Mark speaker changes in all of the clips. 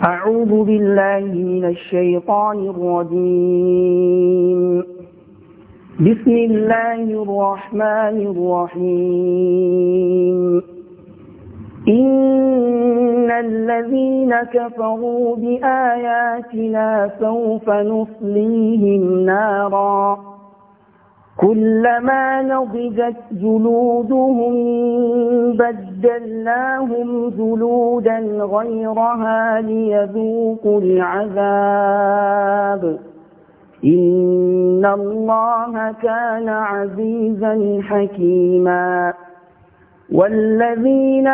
Speaker 1: أعوذ بالله من الشيطان الرجيم بسم الله الرحمن الرحيم إن الذين كفروا بآياتنا سوف نصليهم ناراً كلما نضجت جلودهم بدلناهم جلودا غيرها ليذوقوا العذاب إن الله كان عزيزا حكيما والذين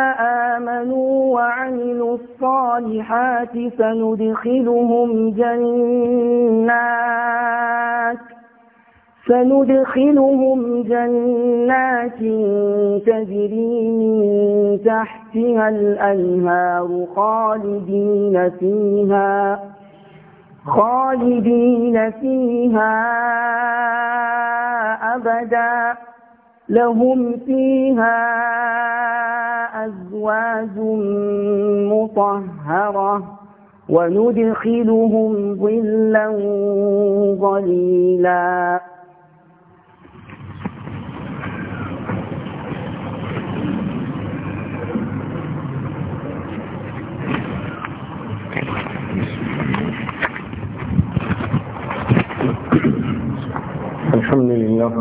Speaker 1: آمنوا وعملوا الصالحات سندخلهم جنات سندخلهم جنات تجري من تحتها الأنهار خالدين فيها خالدين فيها أبدا لهم فيها أزواج مطهرة وندخلهم ظلا ظليلا
Speaker 2: الحمد لله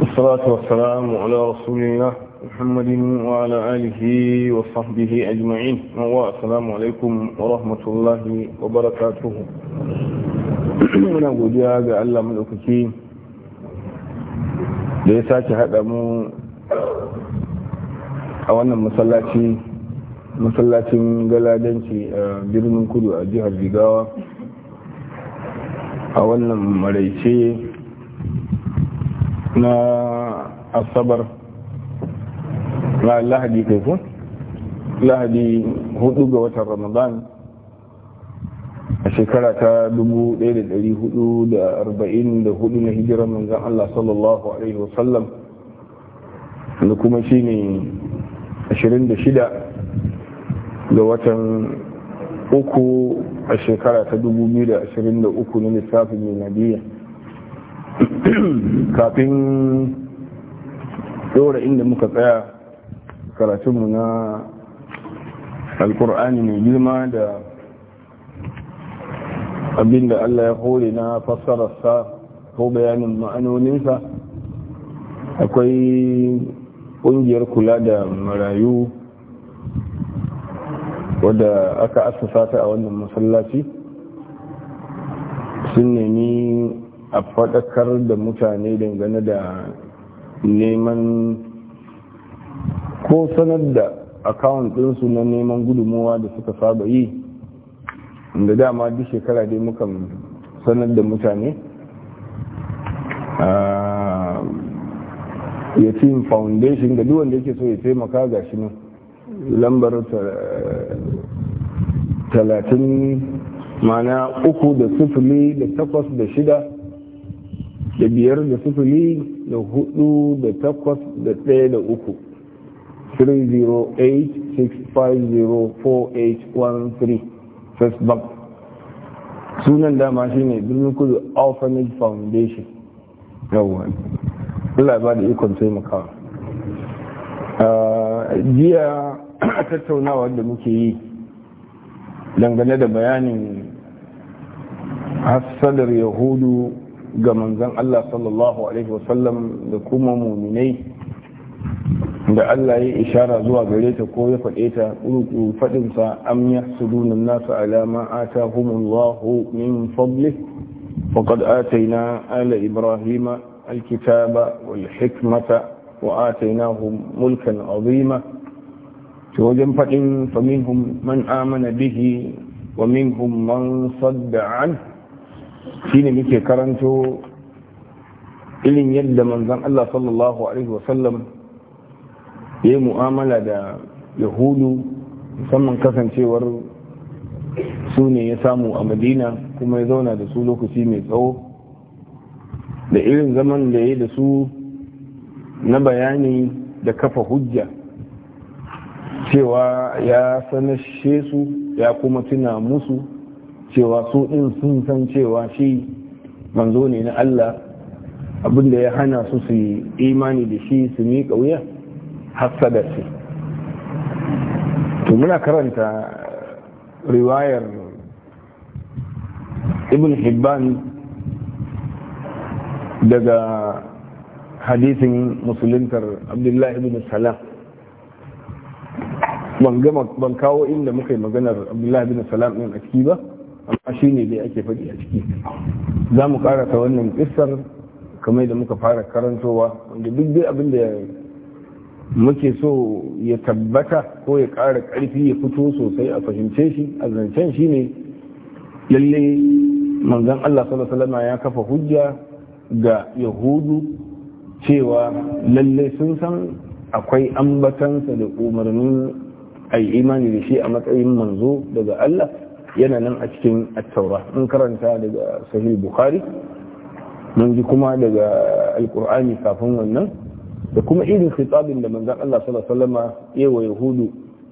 Speaker 2: والصلاة والسلام على رسول الله محمد وعلى آله وصحبه أجمعين والسلام عليكم ورحمة الله وبركاته من أقول يا جعل ملوكتي ليساك هذا أو أولا مسلاتي مسلاتي من a birnin kudu a jihar jigawa a wannan maraice na asabar na lahadi kai ko lahadi hudu ga watan ramadan a shekara ta 1444 na hijirar manzan Allah sallallahu alaihi wasallam da kuma shi ne 26 ga watan uku a shekara ta 2023 na lissafin miladiyya kafin dora inda muka tsaya karatunmu na alkur'ani mai girma da abinda Allah ya hore na fassararsa ko bayanin ma'anoninsa akwai ƙungiyar kula da marayu wadda aka asasa ta a wannan masallaci sun nemi a faɗakar da mutane dangane da neman ko sanar da akawun ɗinsu na neman gudunmowa da suka saba yi da dama duk shekara dai mukan sanar da mutane ya team foundation ga duwanda yake so ya taimaka ga shi nan lambar talatin mana uku da sifili da takwas da shida da biyar da sufuli da hudu da takwas da ɗaya da uku 308-650-4813 first sunan dama shi ne birnin kudu orphanage foundation yawon Allah ba da ikon taimakawa ah, jiya a tattaunawa da muke yi dangane da bayanin hassadar yahudu ga manzan Allah sallallahu Alaihi wasallam da kuma muminai da Allah ya ishara zuwa gare ta ko ya faɗe ta ƙurƙu faɗinsa am ya sudunan nasu alama ata humullahu min fadli faqad ataina ala ibrahima alkitaba wal hikmata wa atainahum mulkan azima to wajen faɗin faminhum man amana bihi wa minhum man sadda anhu shine muke karanto irin yadda manzan Allah sallallahu alaihi wasallam ya yi mu'amala da yahudu musamman kasancewar su ne ya samu a madina kuma ya zauna da su lokaci mai tsawo da irin zaman da ya yi da su na bayani da kafa hujja cewa ya sanashe su ya kuma tuna musu cewa su ɗin sun san cewa shi manzo ne na Allah abinda ya hana su su yi imani da shi su miƙa wuya hassada shi. to muna karanta riwayar ibn hibban daga hadisin musuluntar abdullahi ibn salam ban kawo inda muka yi maganar abdullahi ibn salam ɗin a ciki ba amma shi ne dai ake faɗi a ciki za mu karata wannan kissar kamar da muka fara karantowa wanda duk dai abin da muke so ya tabbata ko ya ƙara ƙarfi ya fito sosai a fahimce shi a zancen shi ne lalle manzan Allah sallallahu ya kafa hujja ga yahudu cewa lalle sun san akwai ambatansa da umarnin a imani da shi a matsayin manzo daga Allah yana nan a cikin attaura in karanta daga sahih bukhari mun ji kuma daga alkur'ani kafin wannan da kuma irin khitabin da manzon Allah sallallahu alaihi wasallam yawa yahudu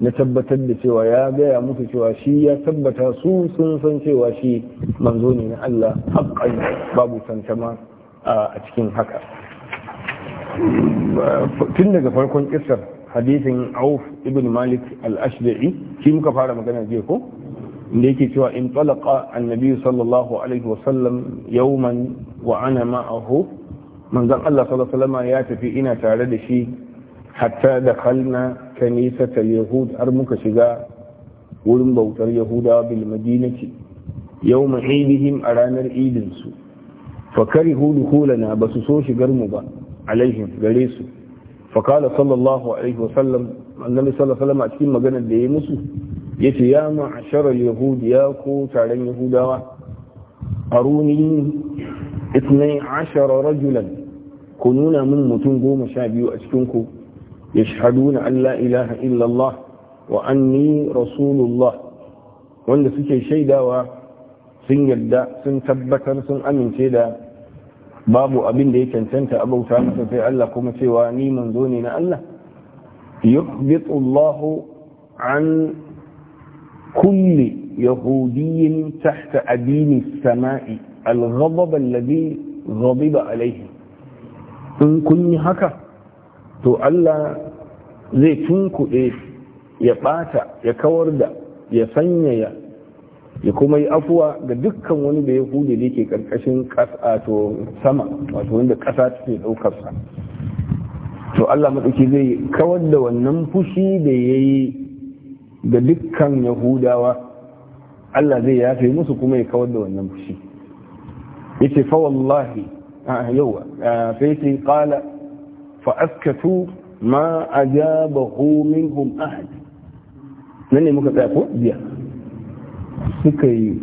Speaker 2: na tabbatar da cewa ya gaya musu cewa shi ya tabbata su sun san cewa shi manzo ne na Allah haƙƙan babu tantama a cikin haka tun daga farkon kisar hadisin auf ibn malik al-ashda'i shi muka fara magana jiya ko inda yake cewa in talaka annabi sallallahu alaihi wasallam yawman wa ana ma'ahu manzon Allah sallallahu alaihi wasallam ya tafi ina tare da shi hatta da kalna kanisata yahud har muka shiga wurin bautar yahudawa bil madinati yawma idihim a ranar idin su fa karihu ba su so shigar mu ba alaihim gare su fa qala sallallahu alaihi wasallam annabi sallallahu alaihi wasallam a cikin maganar da yayi musu yace ya ma'ashara yahudiya ko taron yahudawa aruni itnai ashara rajulan ku nuna min mutum goma sha biyu a cikin ya shahadu na allah ilaha illallah wa anni rasulullah wanda suke shaidawa sun yarda sun tabbatar sun amince da babu abin da ya cancanta a bauta masa sai Allah kuma cewa ni manzo ne na Allah yuhbitu Allahu an كل يهودي تحت أدين السماء الغضب الذي غضب عليه إن كن هكا تو الله زي تنكو إيه يباتا يكورد يسنيا ya kuma yi afuwa ga dukkan wani da ya hude da yake ƙarƙashin ƙasa to sama wato wanda ƙasa take ɗaukarsa to Allah maɗauki zai kawar da wannan fushi da ya yi Da dukkan yahudawa Allah zai yafe musu kuma ya kawar da wannan fushi yace fa wallahi yawa fa yace kala. fa askatu ma ajabahu minhum ahad nan ne muka tsaya ko biya suka yi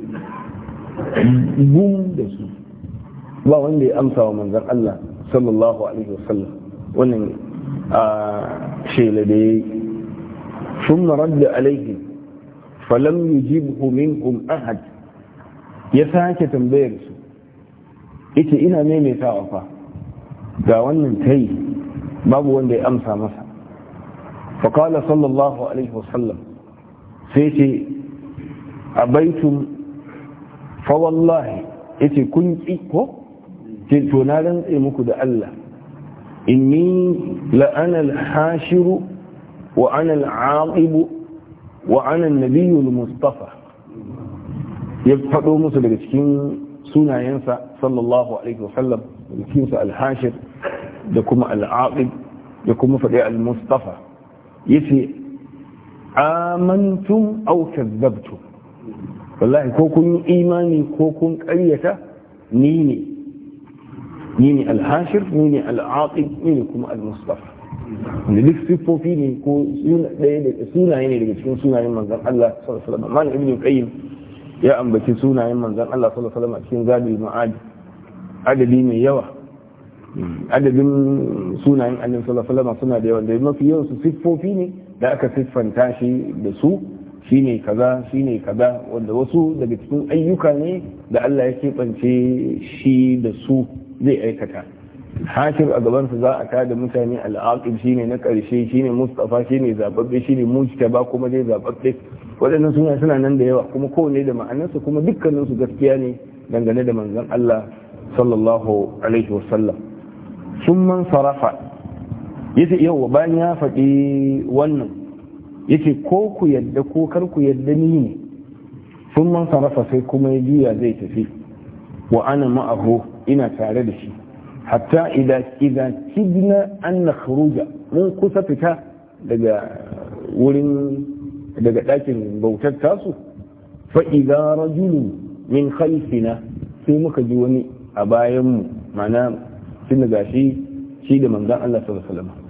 Speaker 2: gum da su ba wanda ya amsa wa manzan Allah sallallahu alaihi wasallam wannan shela da yayi Summa ثم رد Falalu فلم يجبه ahad, ya sake tambayar su, ita ina maimaitawa fa ga wannan kai babu wanda ya amsa masa faƙala sallallahu alaihi wasallam sai ce a baitun fawallahi ya ce kun ƙi ko to na rantse muku da Allah inni la'anar hashiru wa ana al'aqibu wa ana nabiyul mustafa ya faɗo musu daga cikin sunayensa sallallahu alaihi wasallam cikin su al da kuma al da kuma faɗi al-mustafa yace amantum aw kazzabtum wallahi ko kun yi imani ko kun ni ne ni ne al ni ne ni ne kuma da duk siffofi ne ko sunaye ne daga cikin sunayen manzan Allah sallallahu alaihi wasallam man ibn qayyim ya ambaci sunayen manzan Allah sallallahu alaihi wasallam cikin zabi ma'ad adadi mai yawa adadin sunayen annabi sallallahu alaihi wasallam suna da yawa da mafi yawan su siffofi ne da aka siffanta shi da su shine kaza shine kaza wanda wasu daga cikin ayyuka ne da Allah ya keɓance shi da su zai aikata hashir a gabansa za a kada mutane al'aqib shine na karshe shine mustafa shine zababbe shine mujtaba kuma dai zababbe waɗannan suna suna nan da yawa kuma kowane da ma'anarsa kuma dukkanin su gaskiya ne dangane da manzon Allah sallallahu alaihi wasallam sun man sarafa yace yawa bayan ya faɗi wannan yace ko ku yadda ko kar ku yadda ni ne sun man sarafa sai kuma ya juya zai tafi wa ana ma'ahu ina tare da shi hatta idan kidna an na kharuja mun kusa fita daga wurin daga ɗakin bautar tasu fa'iza rajulu min khalfina sai muka ji wani a bayanmu mana sun da gashi shi da manzan Allah sallallahu alaihi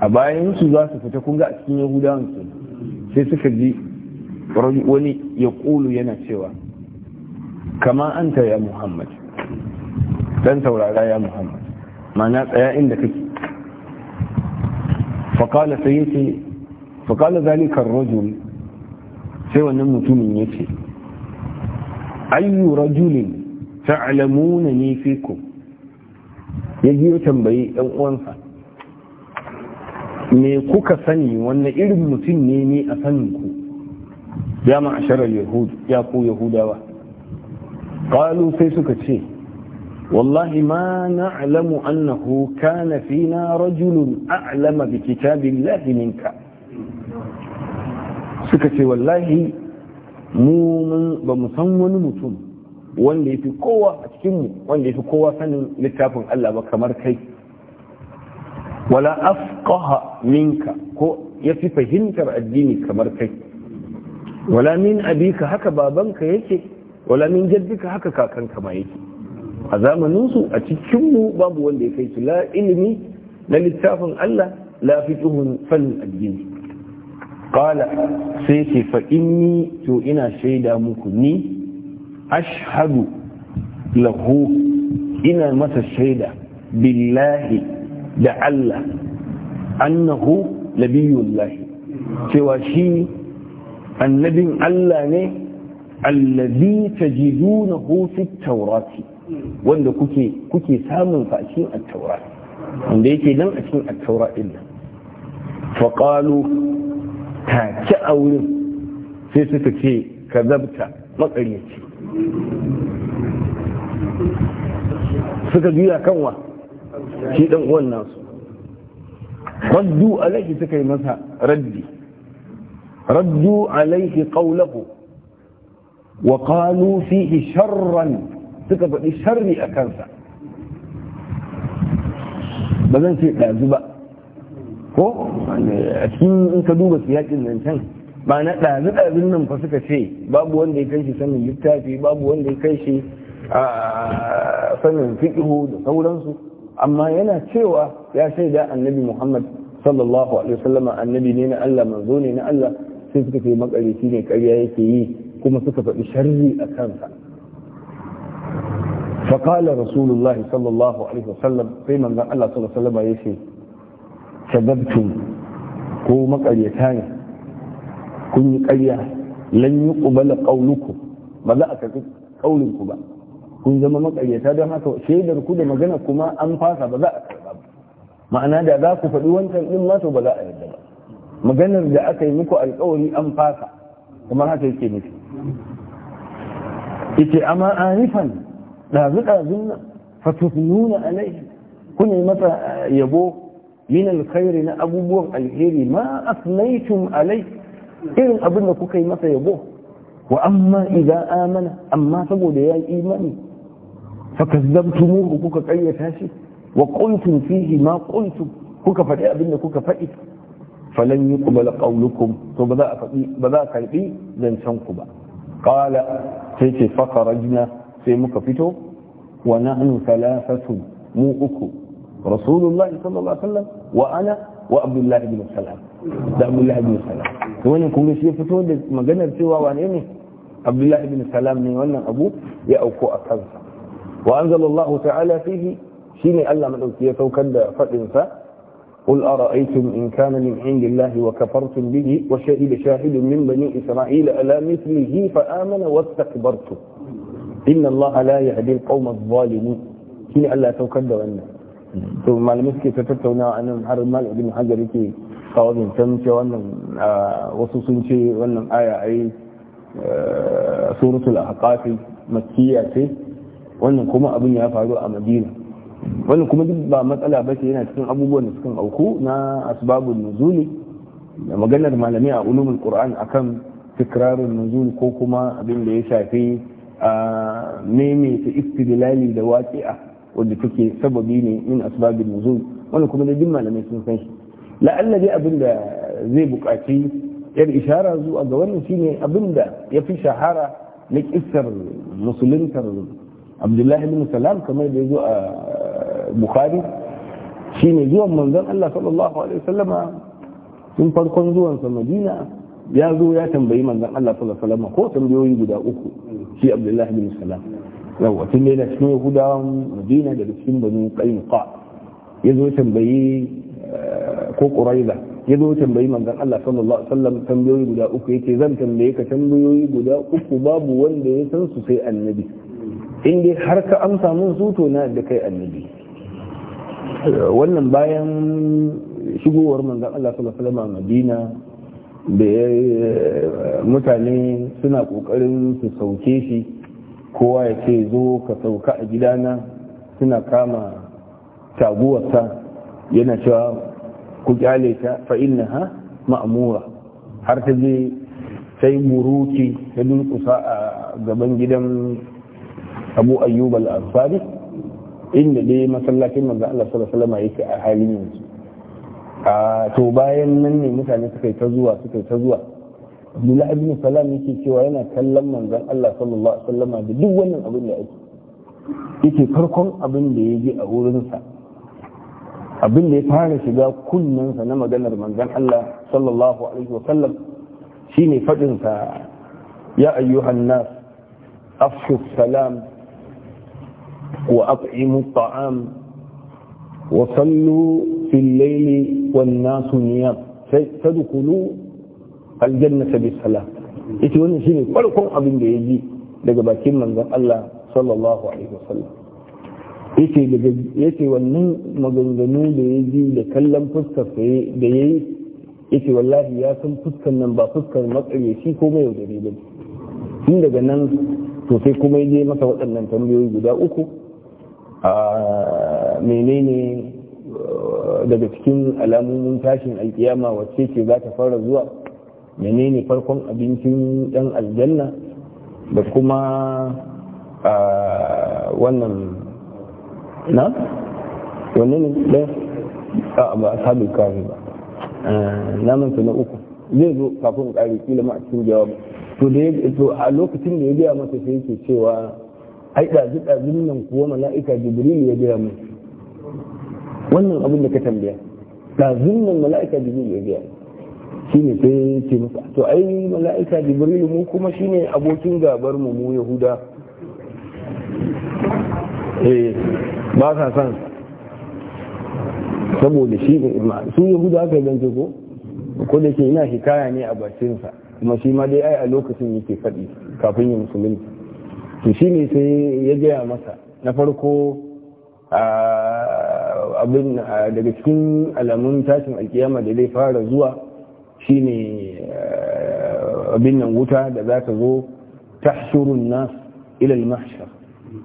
Speaker 2: a bayan su za su fita kunga a cikin yahudawan su sai suka ji wani ya kulu yana cewa kama anta ya muhammad dan saurara ya muhammad mana tsaya inda kake faƙala sai ya ce faƙala zalikar rajul sai wannan mutumin ya ce ayyu rajulin ta'lamuna ne fikum ya ji tambayi ɗan uwansa me kuka sani wannan irin mutum ne ne a saninku ya ma'asharar yahud ya ku yahudawa ƙalu sai suka ce والله ما نعلم أنه كان فينا رجل أعلم بكتاب الله منك سكتي والله مومن بمصمون متون wanda ya fi kowa a cikinmu wanda ya fi kowa sanin littafin Allah ba kamar kai wala afqaha minka ko ya fi fahimtar addini kamar kai wala min abika haka babanka yake wala min haka kakanka ma yake a zamaninsu a cikinmu babu wanda ya kai su la ilimi na littafin Allah la fiqhun fannin addini qala sai ce fa inni to ina shaida muku ni ashhadu lahu ina masa shaida billahi da Allah annahu nabiyullah cewa shi annabin Allah ne الذي تجدونه في التوراه wanda kuke samun fashin a taura wanda yake nan a cikin a taura illa, nan ta ci a wurin sai suka ce kazabta makaryaci suka juya kanwa shi ɗan uwan nasu raddu alaihi suka yi masa raddi raddu alaihi qawlahu wa qalu fihi sharran suka faɗi sharri a kansa ba zan ce ɗazu ba ko a cikin in ka duba siyaƙin nan can ba na ɗazu ɗazun nan fa suka ce babu wanda ya kai shi sanin littafi babu wanda ya kai shi a sanin fiƙihu da sauransu amma yana cewa ya shaida annabi muhammad sallallahu alaihi wasallam annabi ne na allah manzo ne na allah sai suka ce makareci ne ƙarya yake yi kuma suka faɗi sharri a kansa faƙalar rasulullahi sallallahu alaihi wasallam sai manzan Allah sallallahu alaihi wasallam ya ce shagabtum ko makaryata ne kun yi ƙarya lan yi ƙubala ƙaunuku ba za a karɓi ƙauninku ba kun zama makaryata don haka shaidar ku da magana kuma an fasa ba za a karɓa ba ma'ana da za ku faɗi wancan ɗin ma to ba za a yarda ba maganar da aka yi muku alƙawari an fasa kamar haka yake nufi yace amma anifan لا لابد أذن فتثنون عليه كن المتى يبوه من الخير لأبو بوغ الخير ما أثنيتم عليه إذن أبنك كي متى يبوه وأما إذا آمن أما تقول يا إيماني فكذبتموه كوك كي يتاشي وقلتم فيه ما قلتم كوك فتاء أبنك كوك فائد فلن يقبل قولكم فبدأ فبدأ فبدأ فبدأ فبدأ فبدأ فبدأ فبدأ فبدأ فبدأ sai muka fito wa na'nu thalathatu mu uku rasulullahi sallallahu alaihi wasallam wa ana wa abdullahi ibn salam da abdullahi ibn salam to wannan kun shi fito da maganar cewa wane ne abdullahi ibn salam ne wannan abu ya auko a kansa wa anzalallahu ta'ala fihi shine Allah madauki ya saukar da fadin sa قل أرأيتم إن كان من عند الله وكفرتم به وشهد شاهد من بني إسرائيل ألا مثله فآمن واستكبرتم inna Allah la yahdi al-qawma adh-dhalimin shine Allah ya saukar da wannan to malamai suke ta tattaunawa anan har mal ibn hajar yake kawo zancen ce wannan wasu sun ce wannan aya ai suratul ahqaf makkiya ce wannan kuma abin ya faru a madina wannan kuma duk ba matsala ba ce yana cikin abubuwan da suka auku na asbabun nuzuli da maganar malamai a ulumul qur'an akan tikrarin nuzul ko kuma abin da ya shafi maimaita istidlali da waqi'a wanda take sababi ne min asbabin nuzul kuma da duk malamai sun san shi la'alla dai abin da zai buƙaci yar ishara zuwa ga wannan shine abin da ya fi shahara na kissar musuluntar abdullahi bin salam kamar da ya zo a bukhari shine zuwan manzon Allah sallallahu alaihi wasallama tun farkon zuwansa madina ya zo ya tambayi manzon Allah sallallahu alaihi wasallam ko tambayoyi guda uku shi Abdullahi bin Salam yawa tun da cikin Yahudawan Madina da cikin Banu Qainuqa ya zo tambayi eh, ko Quraiza ya zo tambayi manzon Allah sallallahu alaihi wasallam tambayoyi guda uku yake zan tambaye ka tambayoyi guda uku babu wanda ya san su sai annabi in dai har ka amsa mun su to na da kai annabi wannan bayan shigowar manzon Allah sallallahu alaihi wasallam Madina da mutane suna kokarin su sauke shi kowa ya ce zo ka sauka a gidana suna kama taguwarsa yana cewa ku kyale ta fa'in ha ma'amura har ta je sai muruki ta dunkusa a gaban gidan abu ayyubal al inda dai masallacin manzo Allah sallallahu alaihi wasallam yake a halin yanzu a to bayan nan ne mutane suka yi ta zuwa suka yi ta zuwa abdullahi ibn salam yake cewa yana kallon manzon Allah sallallahu alaihi wasallam da duk wannan abin da yake yake farkon abin da ya ji a wurinsa abin da ya fara shiga kunnensa na maganar manzon Allah sallallahu alaihi wasallam shine fadin sa ya ayyuhan nas afshu salam wa at'imu at'am wa sallu في الليل والناس نيام تدخلوا الجنة بالسلام ita wannan shine farkon abin da ya ji daga bakin manzon Allah sallallahu alaihi wasallam yace daga wannan maganganu da ya ji da kallon fuskar sa da yayi yace wallahi ya san fuskar nan ba fuskar matsaye shi ko mai yaudare ba tun daga nan to sai kuma je masa waɗannan tambayoyi guda uku a menene daga cikin alamomin tashin alkiyama wacce ce za ta fara zuwa menene farkon abincin dan aljanna da kuma wannan na wani ne da a ba sabi kare ba naman na uku zai zo kafin kare kila ma a cikin jawabi to da a lokacin da ya gaya masa sai yake cewa ai ɗazu ɗazun nan kuwa mala'ika jibril ya gaya mai wannan abin da ka tambaya ɗazun nan mala'ika jibril ya biya shi ne sai ce masa to ai mala'ika jibril mu kuma shi ne abokin gabar mu mu yahuda eh ba sa san saboda shi su yahuda aka gance ko ko da ke ina hikaya ne a sa. kuma shi ma dai ai a lokacin yake faɗi kafin ya musulunci to shi ne sai ya gaya masa na farko a abin daga cikin alamun tashin alkiyama da zai fara zuwa shine eh, abin nan wuta da za ta zo ta nas na ilal mahshar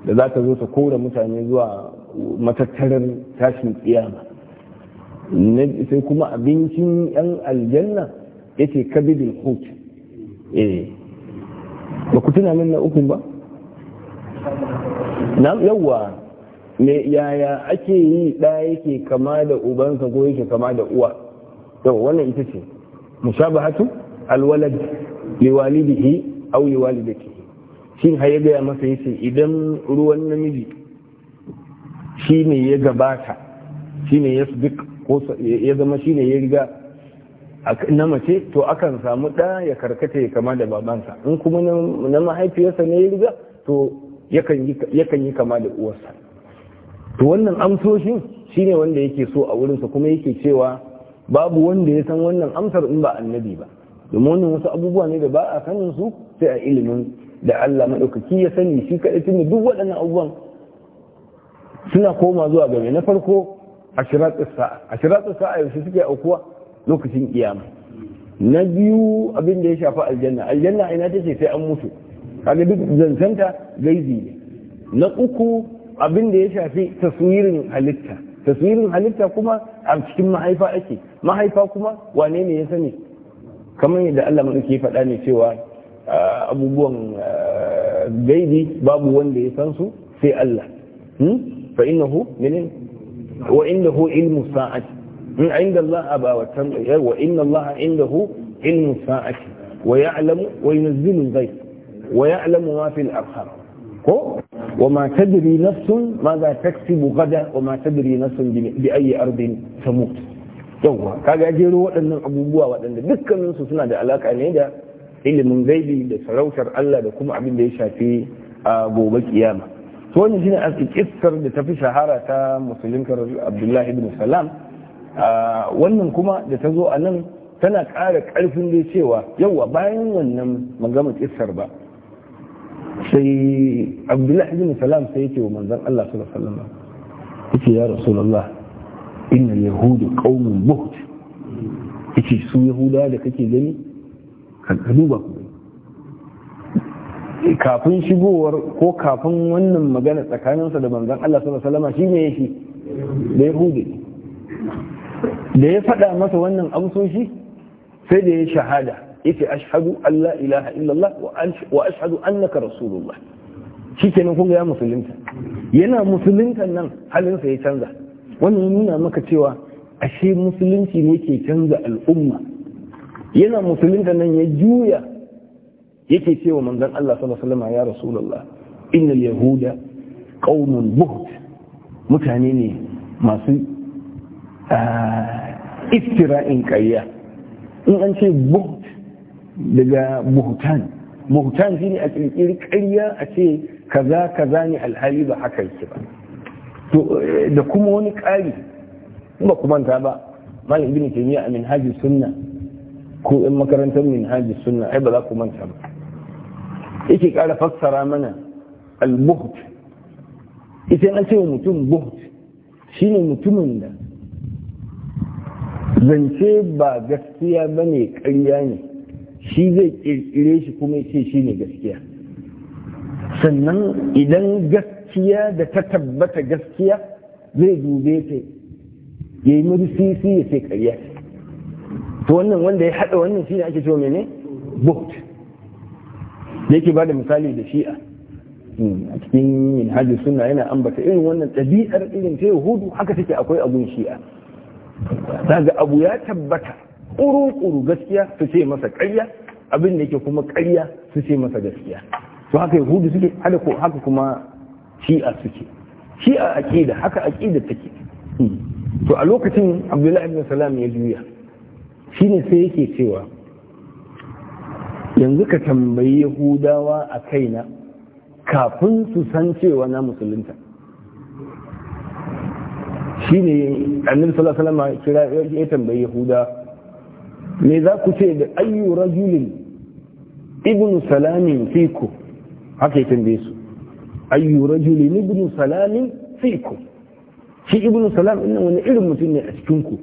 Speaker 2: da za ta zo ta kora mutane zuwa matattarar tashin kiyama sai kuma abincin yan aljanna ya ce kabidul hut eh. ba ku tuna min na uku ba me yaya ake yi ɗa yake kama da ubansa ko yake kama da uwa yau wannan ita ce mushabahatu alwalad liwalidihi aw liwalidati shin har ya gaya masa yace idan ruwan namiji shine ya gabata shine ya duk ko ya zama shine ya riga na mace to akan samu ɗa ya karkata ya kama da babansa in kuma na mahaifiyarsa ne ya riga to yakan yi kama da uwarsa to wannan amsoshin shine wanda yake so a wurinsa kuma yake cewa babu wanda ya san wannan amsar in ba annabi ba domin wannan wasu abubuwa ne da ba a sanin su sai a ilimin da Allah maɗaukaki ya sani shi kaɗai tunda duk waɗannan abubuwan suna koma zuwa game na farko a shiratsa sa'a yaushe suke aukuwa lokacin kiyama na biyu abin da ya shafi aljanna aljanna ina ta ce sai an mutu kaga duk gaizi ne na uku abin da ya shafi taswirin halitta taswirin halitta kuma a cikin mahaifa ake mahaifa kuma wane ne ya sani kamar yadda Allah maɗauki faɗa ne cewa abubuwan gaibi babu wanda ya san su sai Allah hmm? fa hu minin wa indahu ilmu sa'ati in inda Allah aba wa tambayar wa inna Allah indahu ilmu sa'ati wa ya'lamu wa yunzilu al-ghayb wa ya'lamu ma fil arham ko wa ma tadri nafsun ma za taksibu gada wa ma tadri nafsun bi ayi ardin tamut yawwa kaga jero waɗannan abubuwa waɗanda dukkanin su suna da alaka ne da ilimin gaibi da sarautar Allah da kuma abin da ya shafi a gobe kiyama to wannan shine a da tafi shahara ta musulinkar Abdullahi ibn Salam wannan kuma da ta zo a nan tana ƙara ƙarfin da cewa yauwa bayan wannan magana kissar ba sai abdullahi bin salam sai yake wa manzan Allah su da salama yake ya Allah innal yahudu qaumun buht yake su yahuda da kake gani ka duba ku kafin shigowar ko kafin wannan magana tsakaninsa da manzan Allah su da salama shi ne yake da yahudu da ya faɗa masa wannan amsoshi sai da ya shahada yace ashhadu an la ilaha illallah wa ashhadu annaka rasulullah shikenan kun ga ya musulunta yana musuluntan nan halinsa ya canza wannan nuna maka cewa ashe musulunci ne ke canza al'umma yana musulunta nan ya juya yake cewa manzon Allah sallallahu alaihi wasallam ya rasulullah innal yahuda qaumun buht mutane ne masu ah, iftira'in ƙarya in an ce buht daga muhtan muhtan shine a kirkiri ƙarya a ce kaza kaza ne alhali ba haka yake ba to da kuma wani ƙari ba ku manta ba malam ibn taymiya a minhajus sunna ko in makarantar minhajus sunna ai ba za ku manta ba yake ƙara fassara mana al-buht ita an ce mutum buht shine mutumin da zance ba gaskiya bane ƙarya ne shi zai kirkire shi kuma ya ce shi ne gaskiya sannan idan gaskiya da ta tabbata gaskiya zai dube ta ya yi murisisi ya sai karya to wannan wanda ya haɗa wannan shi ne ake cewa mene bot da yake ba misali da shi'a hmm, a cikin minhajin suna yana ambata irin wannan ɗabi'ar irin ta yahudu haka take akwai abun shi'a za ga abu ya tabbata ƙuru-ƙuru gaskiya su ce masa ƙarya abin da yake kuma ƙarya su ce masa gaskiya to haka yahudu suke hada ko haka kuma shi'a suke shi'a aqida haka aqida take hmm. to a lokacin abdullahi ibn salam ya juya shine sai yake cewa yanzu ka tambayi yahudawa a kaina kafin su san cewa na musulunta shine annabi sallallahu alaihi wasallam ya tambayi yahudawa me za ku ce da ayyu rajulin ibnu salamin fiku haka ya tambaye su ayyu rajulin ibnu salamin fiku shi ibnu salam ɗin wani irin mutum ne a cikinku?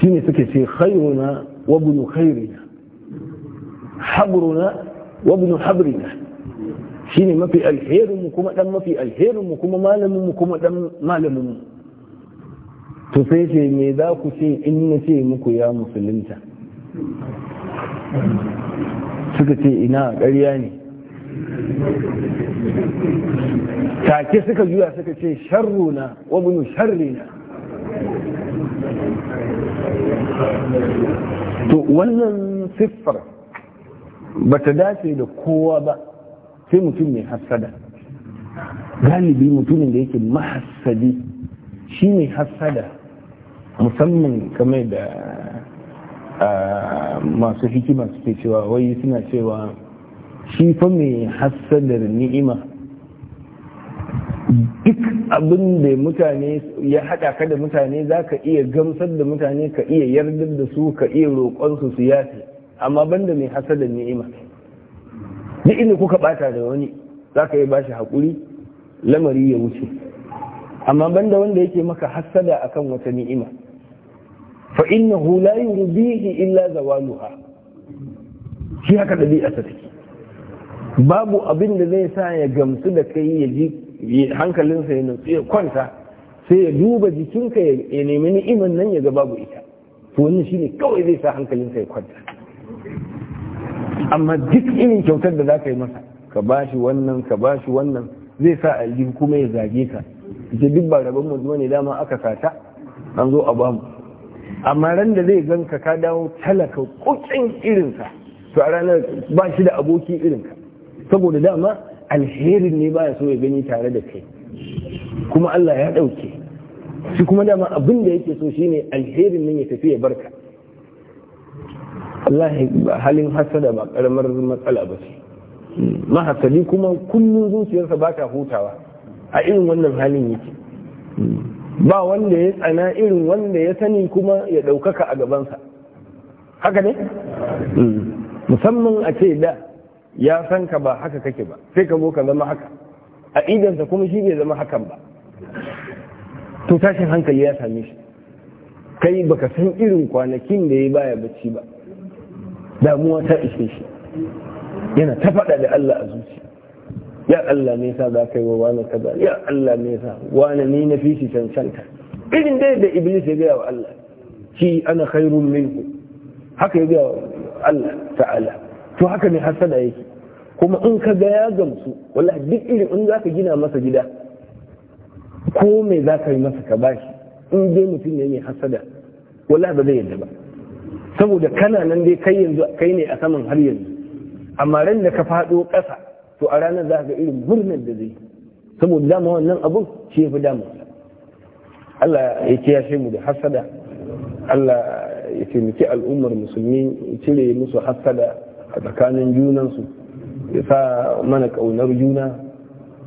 Speaker 2: Shi ne suke ce khairuna wa ibnu khairina habruna wa ibnu habrina shine mafi alherinmu kuma dan mafi alherinmu kuma malaminmu kuma dan malaminmu. to sai ce me za ku ce in na ce muku ya musulunta suka ce ina a ƙarya ne take suka juya suka ce sharruna wa bunu sharrina to wannan siffar ba ta dace da kowa ba sai mutum mai hassada galibi mutumin da yake mahassadi shi mai hassada musamman kamar da masu hikima suke cewa wai suna cewa shi fa mai hassadar ni'ima duk abin da mutane ya haɗa ka da mutane za ka iya gamsar da mutane ka iya yardar da su ka iya roƙonsu su yafi amma banda mai hassadar ni'ima duk inda kuka ɓata da wani za ka iya shi haƙuri lamari ya wuce amma banda wanda yake maka hassada akan wata ni'ima fa innahu la yurdihi illa zawaluha shi haka dabi'a babu abin da zai sa ya gamsu da kai ya ji hankalinsa ya nutsu ya kwanta sai ya duba jikinka ya nemi ni'iman nan ya ga babu ita to wannan shine kawai zai sa hankalinsa ya kwanta amma duk irin kyautar da zaka yi masa ka bashi wannan ka bashi wannan zai sa aljihu kuma ya zage ka ita duk ba rabon mu ne dama aka sata an zo a bamu amma ran da zai ganka ka dawo talaka kucin irinka to a ranar ba shi da aboki irinka saboda dama alherin ne ba so ya gani tare da kai kuma Allah ya ɗauke shi kuma dama abin da yake so shine alherin nan ya tafi ya barka Allah halin hasada ba karamar matsala ba ce mahasadi kuma kullum zuciyarsa ba ta hutawa a irin wannan halin yake ba wanda ya tsana irin wanda ya sani kuma ya ɗaukaka a gabansa haka ne mm. musamman a ce da ya san ka ba haka kake ba sai ka zo zama haka a idansa kuma shi bai zama hakan ba to tashin hankali ya same shi kai baka san irin kwanakin da ya baya bacci ba damuwa ta ishe shi yana ta faɗa da Allah a zuci ya Allah me sa za ka yi wa wani kaza ya Allah me yasa wani ni na fi shi cancanta irin dai da iblis ya gaya wa Allah Ki ana khairun minku haka ya gaya wa Allah ta'ala to haka ne hasada yake kuma in ka ga ya gamsu wallahi duk irin in za ka gina masa gida ko me za ka yi masa ka bashi in dai mutum ne mai hasada wallahi ba zai yadda ba saboda kana nan dai kai yanzu kai ne a saman har yanzu amma ran da ka faɗo ƙasa to a ranar za ga irin murnar da zai saboda dama wannan abun shi ya fi dama Allah ya kiyashe mu da hasada Allah ya taimaki al'ummar musulmi ya cire musu hasada a tsakanin junansu ya sa mana ƙaunar juna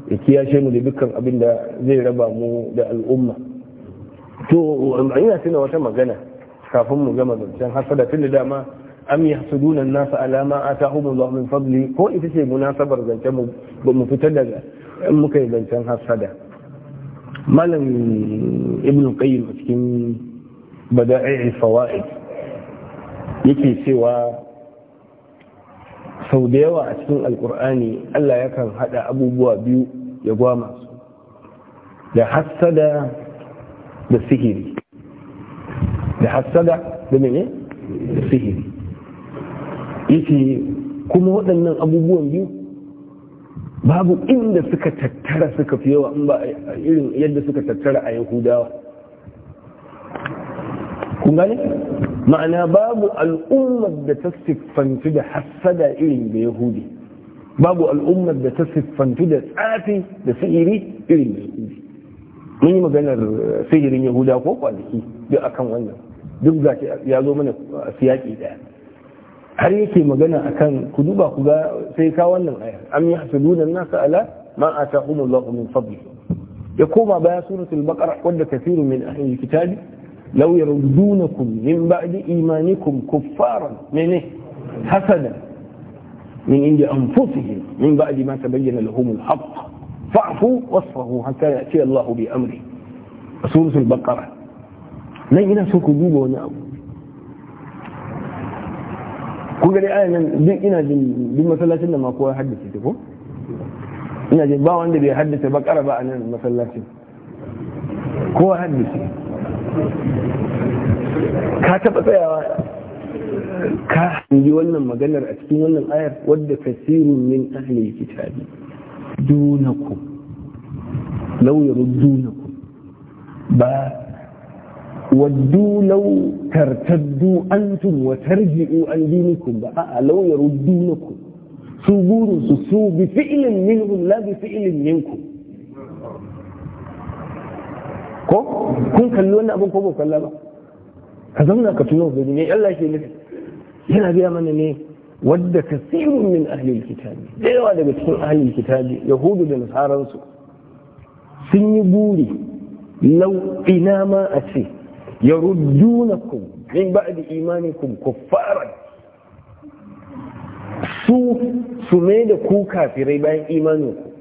Speaker 2: ya kiyashe mu da dukkan abin da zai raba mu da al'umma to ina tuna wata magana kafin mu gama zancen hasada tun da dama am yahsuduna an-nas ala ma atahum Allah min fadli ko ita ce munasabar zance mu ba mu fita daga in muka yi zancen hasada malam ibn qayyim cikin bada'i fawaid yake cewa sau da yawa a cikin alkur'ani Allah yakan hada abubuwa biyu ya gwama su da hasada da sihiri da da mene da sihiri yake kuma waɗannan abubuwan biyu babu inda suka tattara suka fi yawa ba irin yadda suka tattara a yahudawa kun gane ma'ana babu al'ummar da ta siffanci da hassada irin da yahudi babu al'ummar da ta siffanci da tsafi da sihiri irin da yahudi mun yi maganar eh, sihirin yahuda ko kwanaki duk akan wannan duk za ya zo mana siyaki daya har yake magana akan ku duba ku ga sai ka wannan aya am yahsuduna an-nasa ala ma atahum Allahu min fadli ya koma baya suratul baqara wanda kathiru min ahli alkitab law yardunakum min ba'di imanikum kuffaran mene hasada min indi anfusihim min ba'di ma tabayyana lahum alhaq fa'fu wasfahu hatta ya'ti Allahu bi amri suratul baqara nan ina so ku duba wani abu kun gari ayan nan duk ina jin duk masallacin da ma kowa haddace ta ko ina jin ba wanda bai haddace bakara ba a nan masallacin kowa haddace ka taba tsayawa ka hangi wannan maganar a cikin wannan ayar wadda kasirun min ahli kitabi dunakum law yaruddunakum ba waddu law tartaddu antum wa tarji'u an dinikum ba a'a law yaruddunakum su burin su su bi fi'ilin minhum la bi fi'ilin minkum ko kun kalli wannan abin ko ba kalla ba ka zauna ka tuno gani ne Allah ke nufi yana biya mana ne wadda kasirun min ahlil kitabi yawa daga cikin ahlil kitabi yahudu da nasaransu sun yi buri lau ina ma a ce yaruddunakum min ba'di imanikum kuffaran su su mai da ku kafirai bayan imanin ku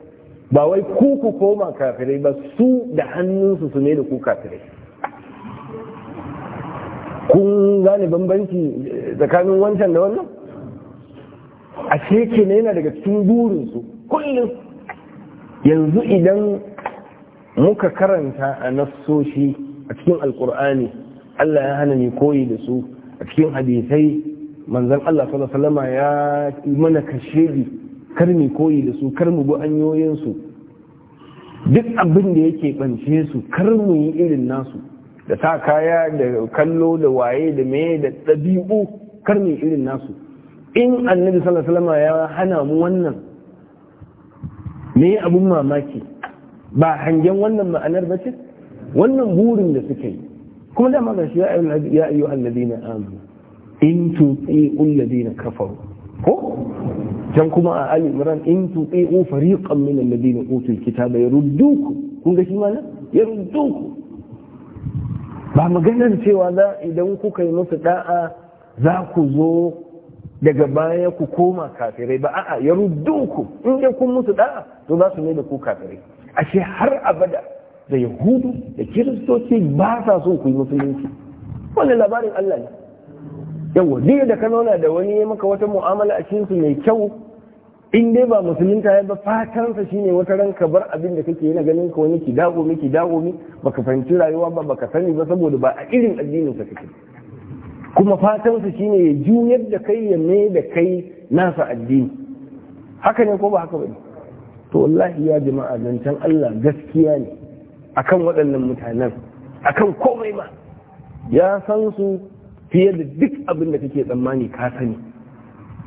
Speaker 2: ba wai ku ku koma kafirai ba su da hannunsu su mai da ku kafirai kun gane bambanci tsakanin wancan da wannan a sheke ne yana daga cikin burinsu kullum yanzu idan muka karanta a nassoshi a cikin alkur'ani Allah ya hana ni koyi da su a cikin hadisai manzan Allah sallallahu alaihi ya mana kashiri kar mu koyi da su kar mu bi anyoyinsu. duk abin da yake bance su kar mu yi irin nasu da ta kaya da kallo da waye da meye da dabi'u kar mu yi irin nasu in annabi sallallahu alaihi ya hana mu wannan me abun mamaki ba hangen wannan ma'anar ba ce wannan burin da suka yi kuma da magana shi ya ayyu alladina amanu in tuti'u alladina kafaru ko jan kuma a ali imran in tuti'u fariqan min alladina utul kitaba yarudduku kun ga shi mana yarudduku ba maganar cewa za idan kuka yi musu da'a za ku zo daga baya ku koma kafirai ba a'a yarudduku in dai kun musu da'a to za su ne da ku kafirai ashe har abada da yahudu da kiristoci ba sa so ku yi musulunci wannan labarin Allah ne yawon duk da ka zauna da wani ya maka wata mu'amala a cikin mai kyau in dai ba musulunta ya ba fatansa shine wata ran ka bar abin da kake na ganin ka wani ki dago mi ki dago mi baka fahimci rayuwa ba ka sani ba saboda ba a irin addinin ka kake kuma fatansa shine ya juyar da kai ya mai da kai nasa addini haka ne ko ba haka ba ne to wallahi ya jama'a zancen Allah gaskiya ne akan waɗannan mutanen akan komai ma ya san su fiye da duk abin da kake tsammani ka sani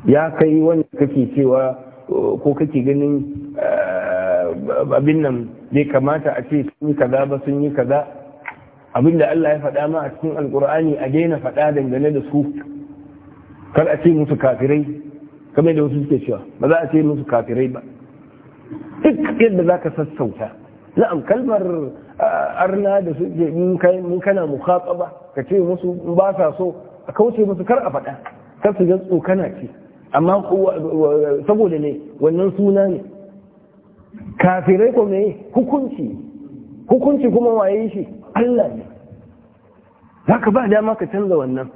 Speaker 2: ya kai wanda kake cewa eh, ko kake ganin eh, abin nan bai kamata a ce sun yi kaza ba sun yi kaza abin da Allah ya faɗa ma a cikin alkur'ani a daina faɗa dangane da su kar a ce musu kafirai kamar da wasu suke cewa ba za a ce musu kafirai ba duk yadda za ka sassauta na'am kalmar arna da su suke mun kana mukhataba ka ce musu ba sa so a kauce musu kar a faɗa kar su ga tsokana ce amma saboda ne wannan suna ne kafirai ko me hukunci hukunci kuma waye shi Allah ne zaka ba dama ka canza wannan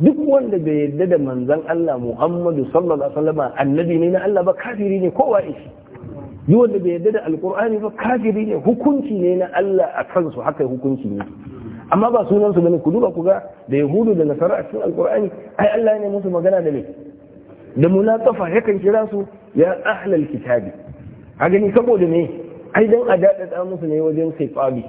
Speaker 2: duk wanda bai yarda da manzon Allah Muhammadu sallallahu alaihi wasallam annabi ne na Allah ba kafiri ne waye shi yi wanda bai yadda da alkur'ani ba kafiri ne hukunci ne na Allah a kansu haka hukunci ne amma ba sunansu su bane ku duba ku ga da yahudu da nasara a cikin alkur'ani ai Allah ne musu magana da ne da munatafa yakan kira su ya ahlal kitabi a gani saboda ne ai dan a dadada musu ne wajen sai fabi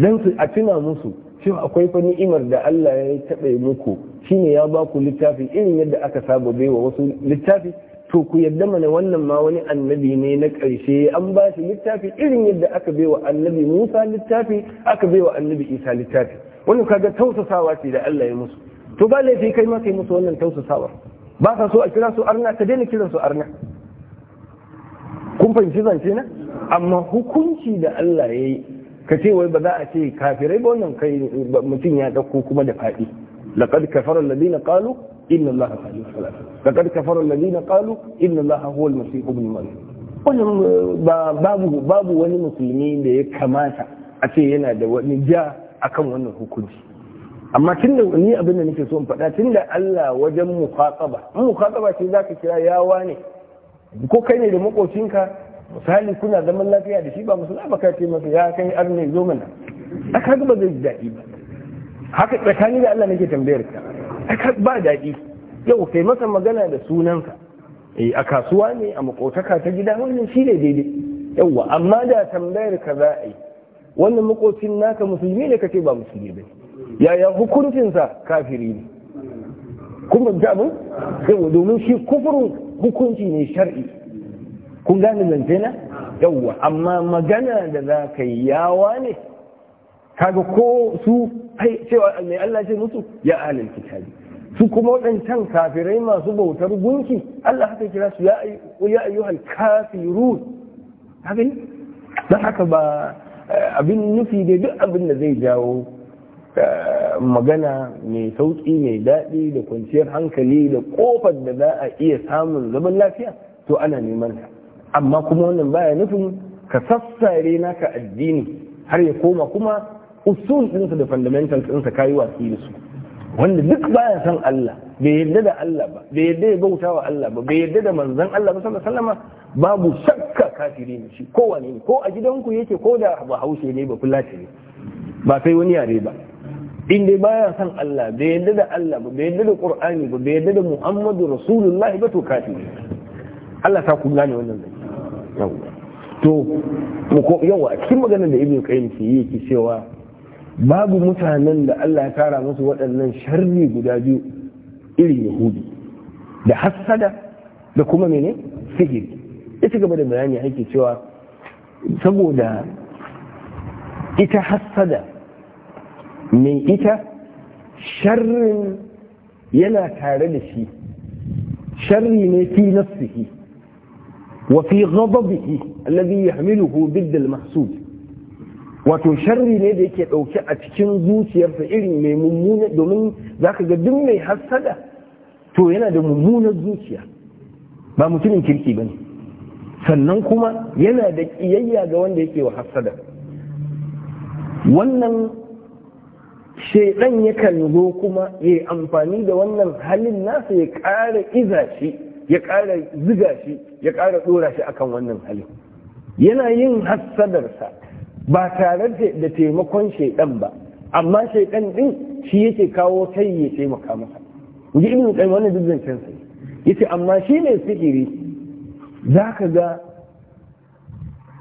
Speaker 2: dan su a tuna musu shi akwai fa imar da Allah ya taɓa muku shine ya ba ku littafi irin yadda aka saba wa wasu littafi to ku yadda mana wannan ma wani annabi ne na ƙarshe an ba shi littafi irin yadda aka bai wa annabi Musa littafi aka bai wa annabi Isa littafi wannan kaga tausasawa ce da Allah ya musu to ba laifi kai ma kai musu wannan tausasawa ba ka so a kira su arna ka daina kiran su arna kun fahimci zance na amma hukunci da Allah ya yi ka ce wai ba za a ce kafirai ba wannan kai mutum ya ɗauko kuma da faɗi لقد كفر الذين قالوا إن الله ثالث ثلاثة لقد كفر الذين قالوا إن الله هو المسيح ابن مريم wannan babu babu wani musulmi da ya kamata a ce yana da wani ja akan wannan hukunci amma tun da ni abin da nake so in faɗa tun da Allah wajen muqataba in muqataba ce zaka kira yawa ne ko kai ne da makocinka misali kuna zaman lafiya da shi ba musulma ba ka ce masa ya kai arne zo mana aka ga ba zai daɗi ba haka tsakani da Allah nake tambayar ka ba daɗi yau kai masa magana da sunanka eh, a kasuwa ne a makotaka ta gida wannan shi ne daidai yauwa amma da tambayar ka za a wannan makocin naka musulmi ne kace ba musulmi ba yaya sa kafiri ne kun fahimta abin mu domin shi kufurin hukunci ne shar'i kun gane zance na yauwa amma magana da za ka yi yawa ne kaga ko su cewa mai Allah ce musu ya ahlul kitabi su kuma waɗancan kafirai masu bautar gunki Allah haka kira su ya ayyuhal kafirun haka ne haka ba eh, abin nufi da duk abin da zai jawo eh, magana mai sauƙi mai daɗi da kwanciyar hankali da ƙofar da za a iya samun zaman lafiya to ana neman ta amma kuma wannan baya nufin ka sassare naka addini har ya koma kuma usul ɗinsa da fundamentals ɗinsa kayi watsi da su wanda duk baya san Allah bai yadda da Allah ba bai yadda ya bauta wa Allah ba bai yadda da manzon Allah ba sallallahu alaihi wasallam babu shakka kafiri ne shi ko wane ne ko a gidanku yake ko da Bahaushe ne ba fulace ne ba sai wani yare ba in dai baya san Allah bai yadda da Allah ba bai yadda da Qur'ani ba bai yadda da Muhammadu Rasulullah ba to kafiri Allah ta ku gane wannan zai to yawa a cikin maganar da Ibn Qayyim ke yi yake cewa babu mutanen da Allah ya tara musu waɗannan sharri guda biyu irin yahudi da hassada da kuma mene sihiri ya ci gaba da bayani ake cewa saboda ita hassada mai ita sharrin yana tare da shi sharri ne fi nafsihi wa fi ghadabihi alladhi yahmiluhu bidda al-mahsud wato sharri ne da yake ɗauke a cikin zuciyarsa irin mai mummuna domin za ka ga duk mai hassada to yana da mummunar zuciya ba mutumin kirki ba ne sannan kuma yana da ƙiyayya ga wanda yake wa hassada
Speaker 1: wannan
Speaker 2: shaidan yakan zo kuma ya yi amfani da wannan halin nasa ya ƙara iza shi ya ƙara ziga shi ya ƙara ɗora shi akan wannan halin yana yin hassadarsa ba tare da taimakon shaidan ba amma shaidan din shi yake kawo sai ya taimaka masa ji ibn qayyim wannan duk zancen yace amma shi ne sihiri zaka ga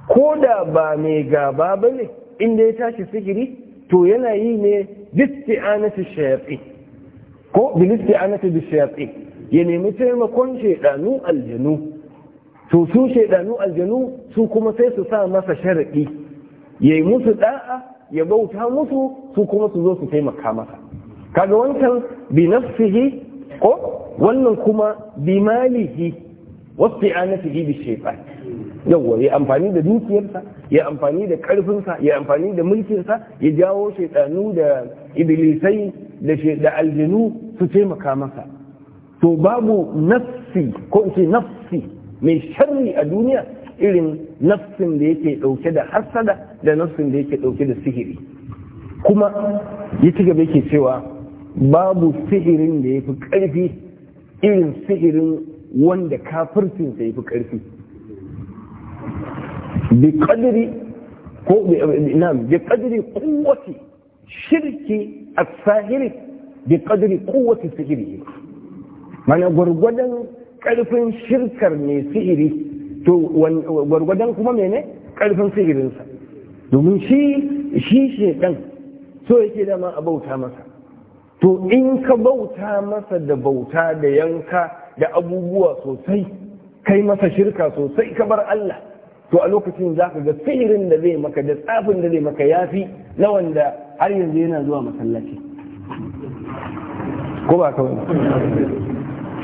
Speaker 2: ko da ba mai gaba bane inda ya tashi sihiri to yana yi ne bisti'anati shayatin ko bilisti'anati bishayatin ya nemi taimakon shaidanu aljanu to su shaidanu aljanu su kuma sai su sa masa sharadi ya yi musu da'a ya bauta musu su kuma su zo su taimaka masa kaga wancan bi nafsihi ko wannan kuma bi malihi wasu ya nafi bi shaytan yawwa ya amfani da dukiyarsa ya amfani da karfinsa ya amfani da mulkinsa ya jawo shaidanu da ibilisai da aljinu su taimaka masa to babu nafsi ko ce nafsi mai sharri a duniya irin nafsin da yake ɗauke da hasada da nafsin da yake ɗauke da sihiri kuma ya ci gaba yake cewa babu sihirin da ya fi ƙarfi irin sihirin wanda kafircin ya fi ƙarfi bi ƙadiri ko bi ƙadiri kowace shirki a sahiri bi ƙadiri kowace sihiri mana gwargwadon ƙarfin shirkar mai sihiri to gwargwadon kuma mene karfin sihirinsa domin shi shi ɗan, so yake dama a bauta masa to in ka bauta masa da bauta da yanka da abubuwa sosai kai masa shirka sosai ka bar Allah to a lokacin za ka ga sihirin da zai maka da tsafin da zai maka yafi na wanda har yanzu yana zuwa masallaci ko ba kawai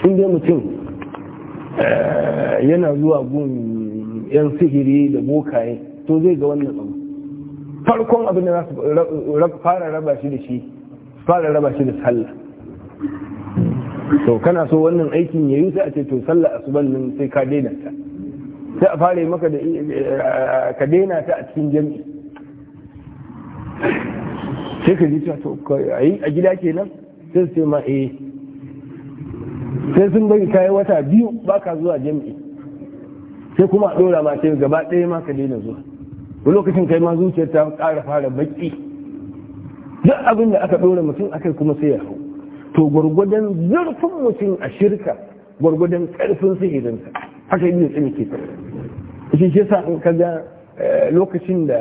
Speaker 2: in dai mutum Eh, yana zuwa gun yan sihiri da bokaye to zai ga wannan abu farkon abin da za su fara raba shi da shi fara raba shi da sallah to kana so wannan aikin yayi sai a ce to sallah asuban nan sai ka daina ta sai a fara maka da eh, ka daina ta a cikin jami'i sai ka ji to a gida kenan sai sai ma eh sai sun bari kayi wata biyu ba ka zuwa jami'i sai kuma a ɗora ma sai gaba ɗaya ma ka daina zuwa wani lokacin kai ma zuciyar ta ƙara fara baƙi duk abin da aka ɗora mutum aka kuma sai ya hau to gwargwadon zurfin mutum a shirka gwargwadon ƙarfin sihirinsa haka ibn tsini ke shi shi sa in ka ga eh, lokacin da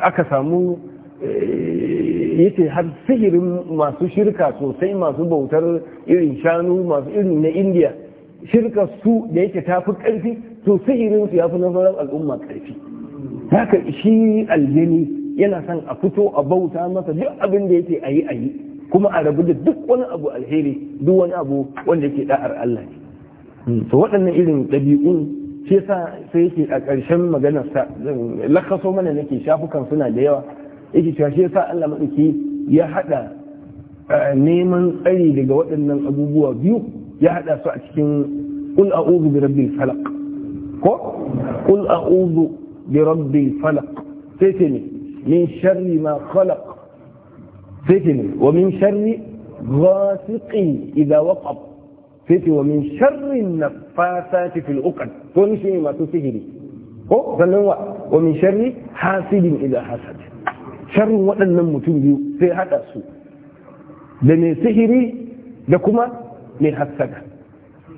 Speaker 2: aka samu eh, yace har sihirin masu shirka sosai masu bautar irin shanu masu irin na indiya shirka su da yake ta fi karfi to sihirin su ya fi na al'umma karfi haka shi aljani yana son a fito a bauta masa duk abin da yake ayi ayi kuma a rabu da duk wani abu alheri duk wani abu wanda yake da'ar Allah ne hmm, to waɗannan irin ɗabi'un shi yasa sai yake a ƙarshen maganarsa lakaso mana nake shafukan suna da yawa yake tashi shi Allah madauki ya hada neman tsari daga waɗannan abubuwa biyu ya hada su a cikin qul a'udhu bi rabbil falaq ko qul a'udhu bi rabbil falaq sai min sharri ma khalaq sai wa min sharri ghasiqin idha waqab sai wa min sharri nafasati fil uqad to ni shi ma masu sihiri ko sannan wa min sharri hasidin idha hasad sharrin waɗannan mutum biyu sai haɗa su da mai sihiri da kuma mai hassaka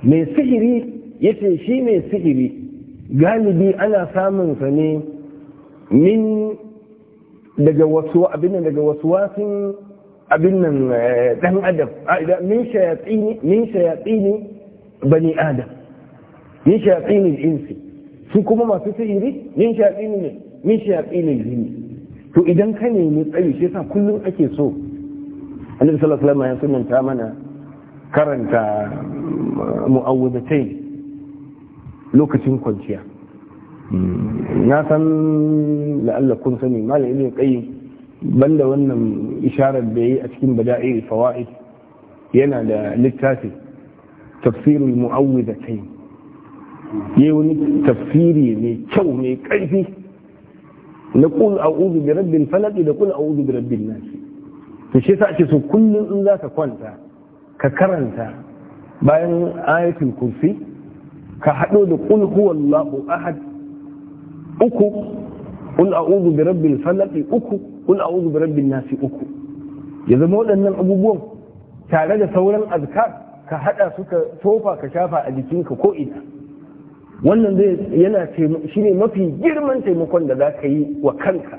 Speaker 2: mai sihiri ya ce shi mai sihiri galibi ana samunsa ne min daga wasu abin daga wasu wasin abin nan eh, ɗan adam min min shayatsini bani adam min shayatsini insi su kuma masu sihiri min shayatsini ne min shayatsini jini to idan ka nemi tsayi shi yasa kullum ake so annabi sallallahu alaihi wasallam ya sunanta mana karanta mu'awwadatai lokacin kwanciya na san la'alla kun sani malam ibn qayyim banda wannan isharar da yi a cikin bada'i fawaid yana da littafi tafsirul mu'awwidatayn yayi wani tafsiri mai kyau mai karfi na kun a'udhu bi rabbil falaq da kun a'udhu bi rabbin nas to shi yasa kullum in zaka kwanta ka karanta bayan ayatul kurfi ka hado da qul huwallahu ahad uku qul a'udhu bi rabbil falaq uku qul a'udhu bi rabbin nas uku ya zama waɗannan abubuwan tare da sauran azkar ka haɗa suka ka ka shafa a jikinka ko ina wannan zai yana ne mafi girman taimakon da za ka yi wa kanka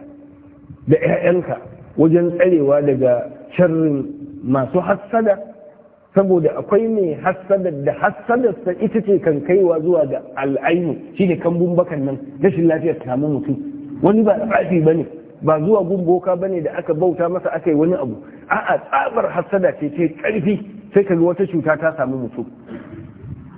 Speaker 2: da 'ya'yanka wajen tsarewa daga sharrin masu hassada saboda akwai mai hassada da hassadarsa ita ce kan kaiwa zuwa ga al'ainu shi ne kambun bakan nan rashin lafiyar samun mutum wani ba tsafi ba ne ba zuwa gumboka ba ne da aka bauta masa aka yi wani abu a'a tsabar hassada ce ce karfi sai ka wata cuta ta samu mutum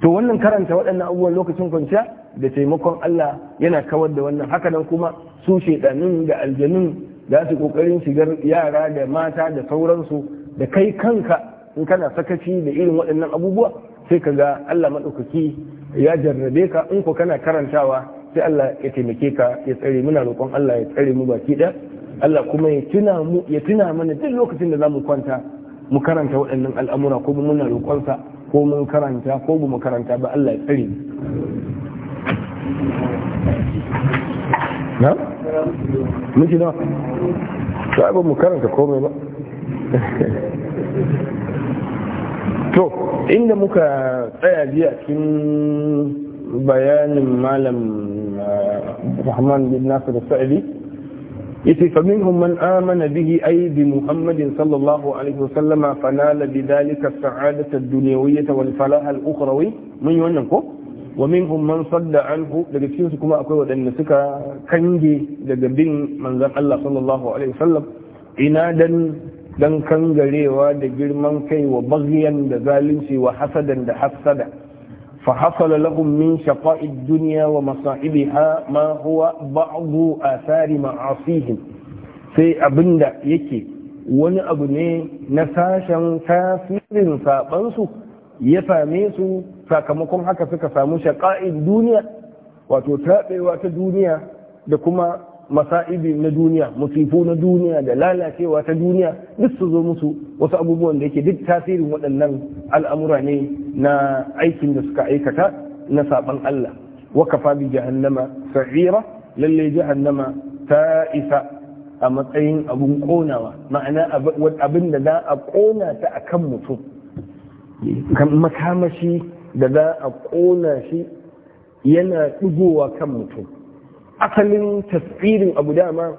Speaker 2: to wannan karanta waɗannan abubuwan lokacin kwanciya da taimakon Allah yana kawar da wannan haka nan kuma su shaidanin da aljanun da su kokarin shigar yara da mata da sauransu da kai kanka in kana sakaci da irin waɗannan abubuwa sai ka ga Allah maɗaukaki ya jarrabe ka in ko kana karantawa sai Allah ya taimake ka ya tsare muna roƙon Allah ya tsare mu baki ɗaya Allah kuma ya tuna mu ya tuna mana duk lokacin da zamu kwanta mu karanta waɗannan al'amura kuma muna roƙonsa ko mun karanta ko ba mu karanta ba Allah ya tsare na? miki na? ta ba mu karanta komai ba to inda muka tsaya biya cikin bayanin malam Muhammad eh, bin Nasir Sa'idi yace fa minhum man amana bihi ay bi muhammadin sallallahu alaihi wasallam fa nala bi dhalika saadata ad-dunyawiyyah wal al-ukhrawi mun yi wannan ko wa minhum man sadda anhu daga cikin su kuma akwai wadanda suka kange daga bin manzon Allah sallallahu alaihi wasallam inadan dan kangarewa da girman kai wa baghyan da zalunci wa hasadan da hasada فحصل لهم duniya wa الدنيا ومصائبها ما ba'gu بعض آثار معاصيهم sai abin da yake wani abu ne na sashen tasirin sabansu ya same su sakamakon haka suka samu shaƙa'in duniya wato taɓewa ta duniya da kuma masa'ibi na duniya musifu na duniya da lalacewa ta duniya duk su zo musu wasu abubuwan da yake duk tasirin waɗannan al'amura ne na aikin da suka aikata na saɓan Allah wa kafa bi jahannama sa'ira lalle jahannama ta isa a matsayin abun ƙonawa. ma'ana abin da za a ƙona ta akan mutum makamashi da za a ƙona shi yana ɗigowa kan mutum asalin tasirin abu dama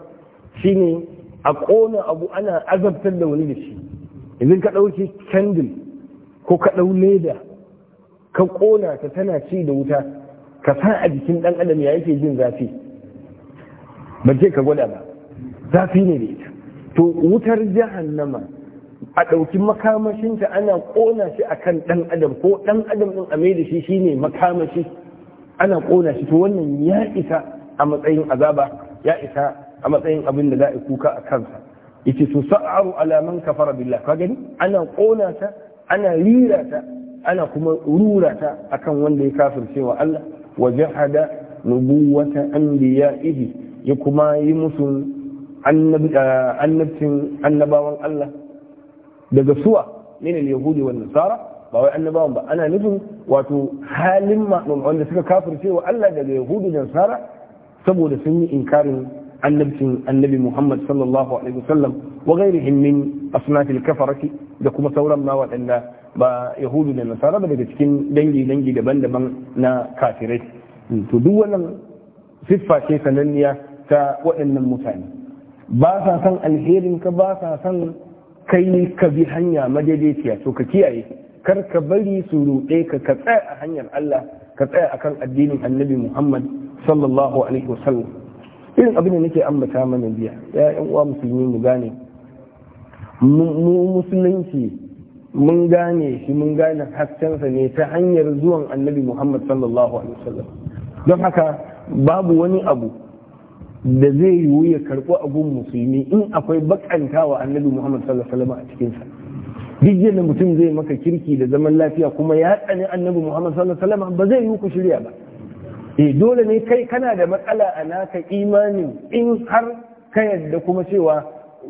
Speaker 2: shine a ƙona abu ana azabtar da wani da shi idan ka ɗauki candle ko ka ɗau leda ka ƙona ta tana ci da wuta ka sa a jikin ɗan adam ya yake jin zafi ba je ka gwada ba zafi ne da ita to wutar jahannama a ɗauki makamashinta ana ƙona shi akan ɗan adam ko ɗan adam ɗin a mai da shi shine makamashi ana ƙona shi to wannan ya isa a matsayin azaba ya isa a matsayin abin da za a kuka a kansa yace to sa'aru alaman kafara billah ka gani ana kona ta ana rira ta ana kuma rura ta akan wanda ya kafirce wa Allah wa jahada nubuwata anbiya'ihi ya kuma yi musu annabcin annabawan Allah daga suwa min al-yahudi wan nasara ba wai annabawan ba ana nufin wato halin wanda suka kafirce wa Allah daga yahudi da nasara saboda sun yi inkarin annabcin annabi Muhammad sallallahu alaihi wasallam wa ghairihim min asnafil kafarati da kuma sauran ma waɗanda ba yahudu da nasara ba daga cikin dangi dangi daban-daban na kafirai to duk wannan siffa ce sananniya ta waɗannan mutane ba sa san alherin ka ba sa san kai ka bi hanya madaidaiciya to ka kiyaye kar ka bari su ruɗe ka ka tsaya a hanyar Allah ka tsaya akan addinin annabi Muhammad sallallahu alaihi wasallam irin abin da nake ambata mana biya ya yan uwa musulmi mu gane mu musulunci mun gane shi mun gane haskensa ne ta hanyar zuwan annabi muhammad sallallahu alaihi wasallam don haka babu wani abu da zai yiwu ya karɓi abun musulmi in akwai bakantawa annabi muhammad sallallahu alaihi wasallam a cikinsa duk yadda mutum zai maka kirki da zaman lafiya kuma ya tsani annabi muhammad sallallahu alaihi wasallam ba zai yiwu ku shirya ba eh dole ne kai kana da matsala a naka imanin in har ka yadda kuma cewa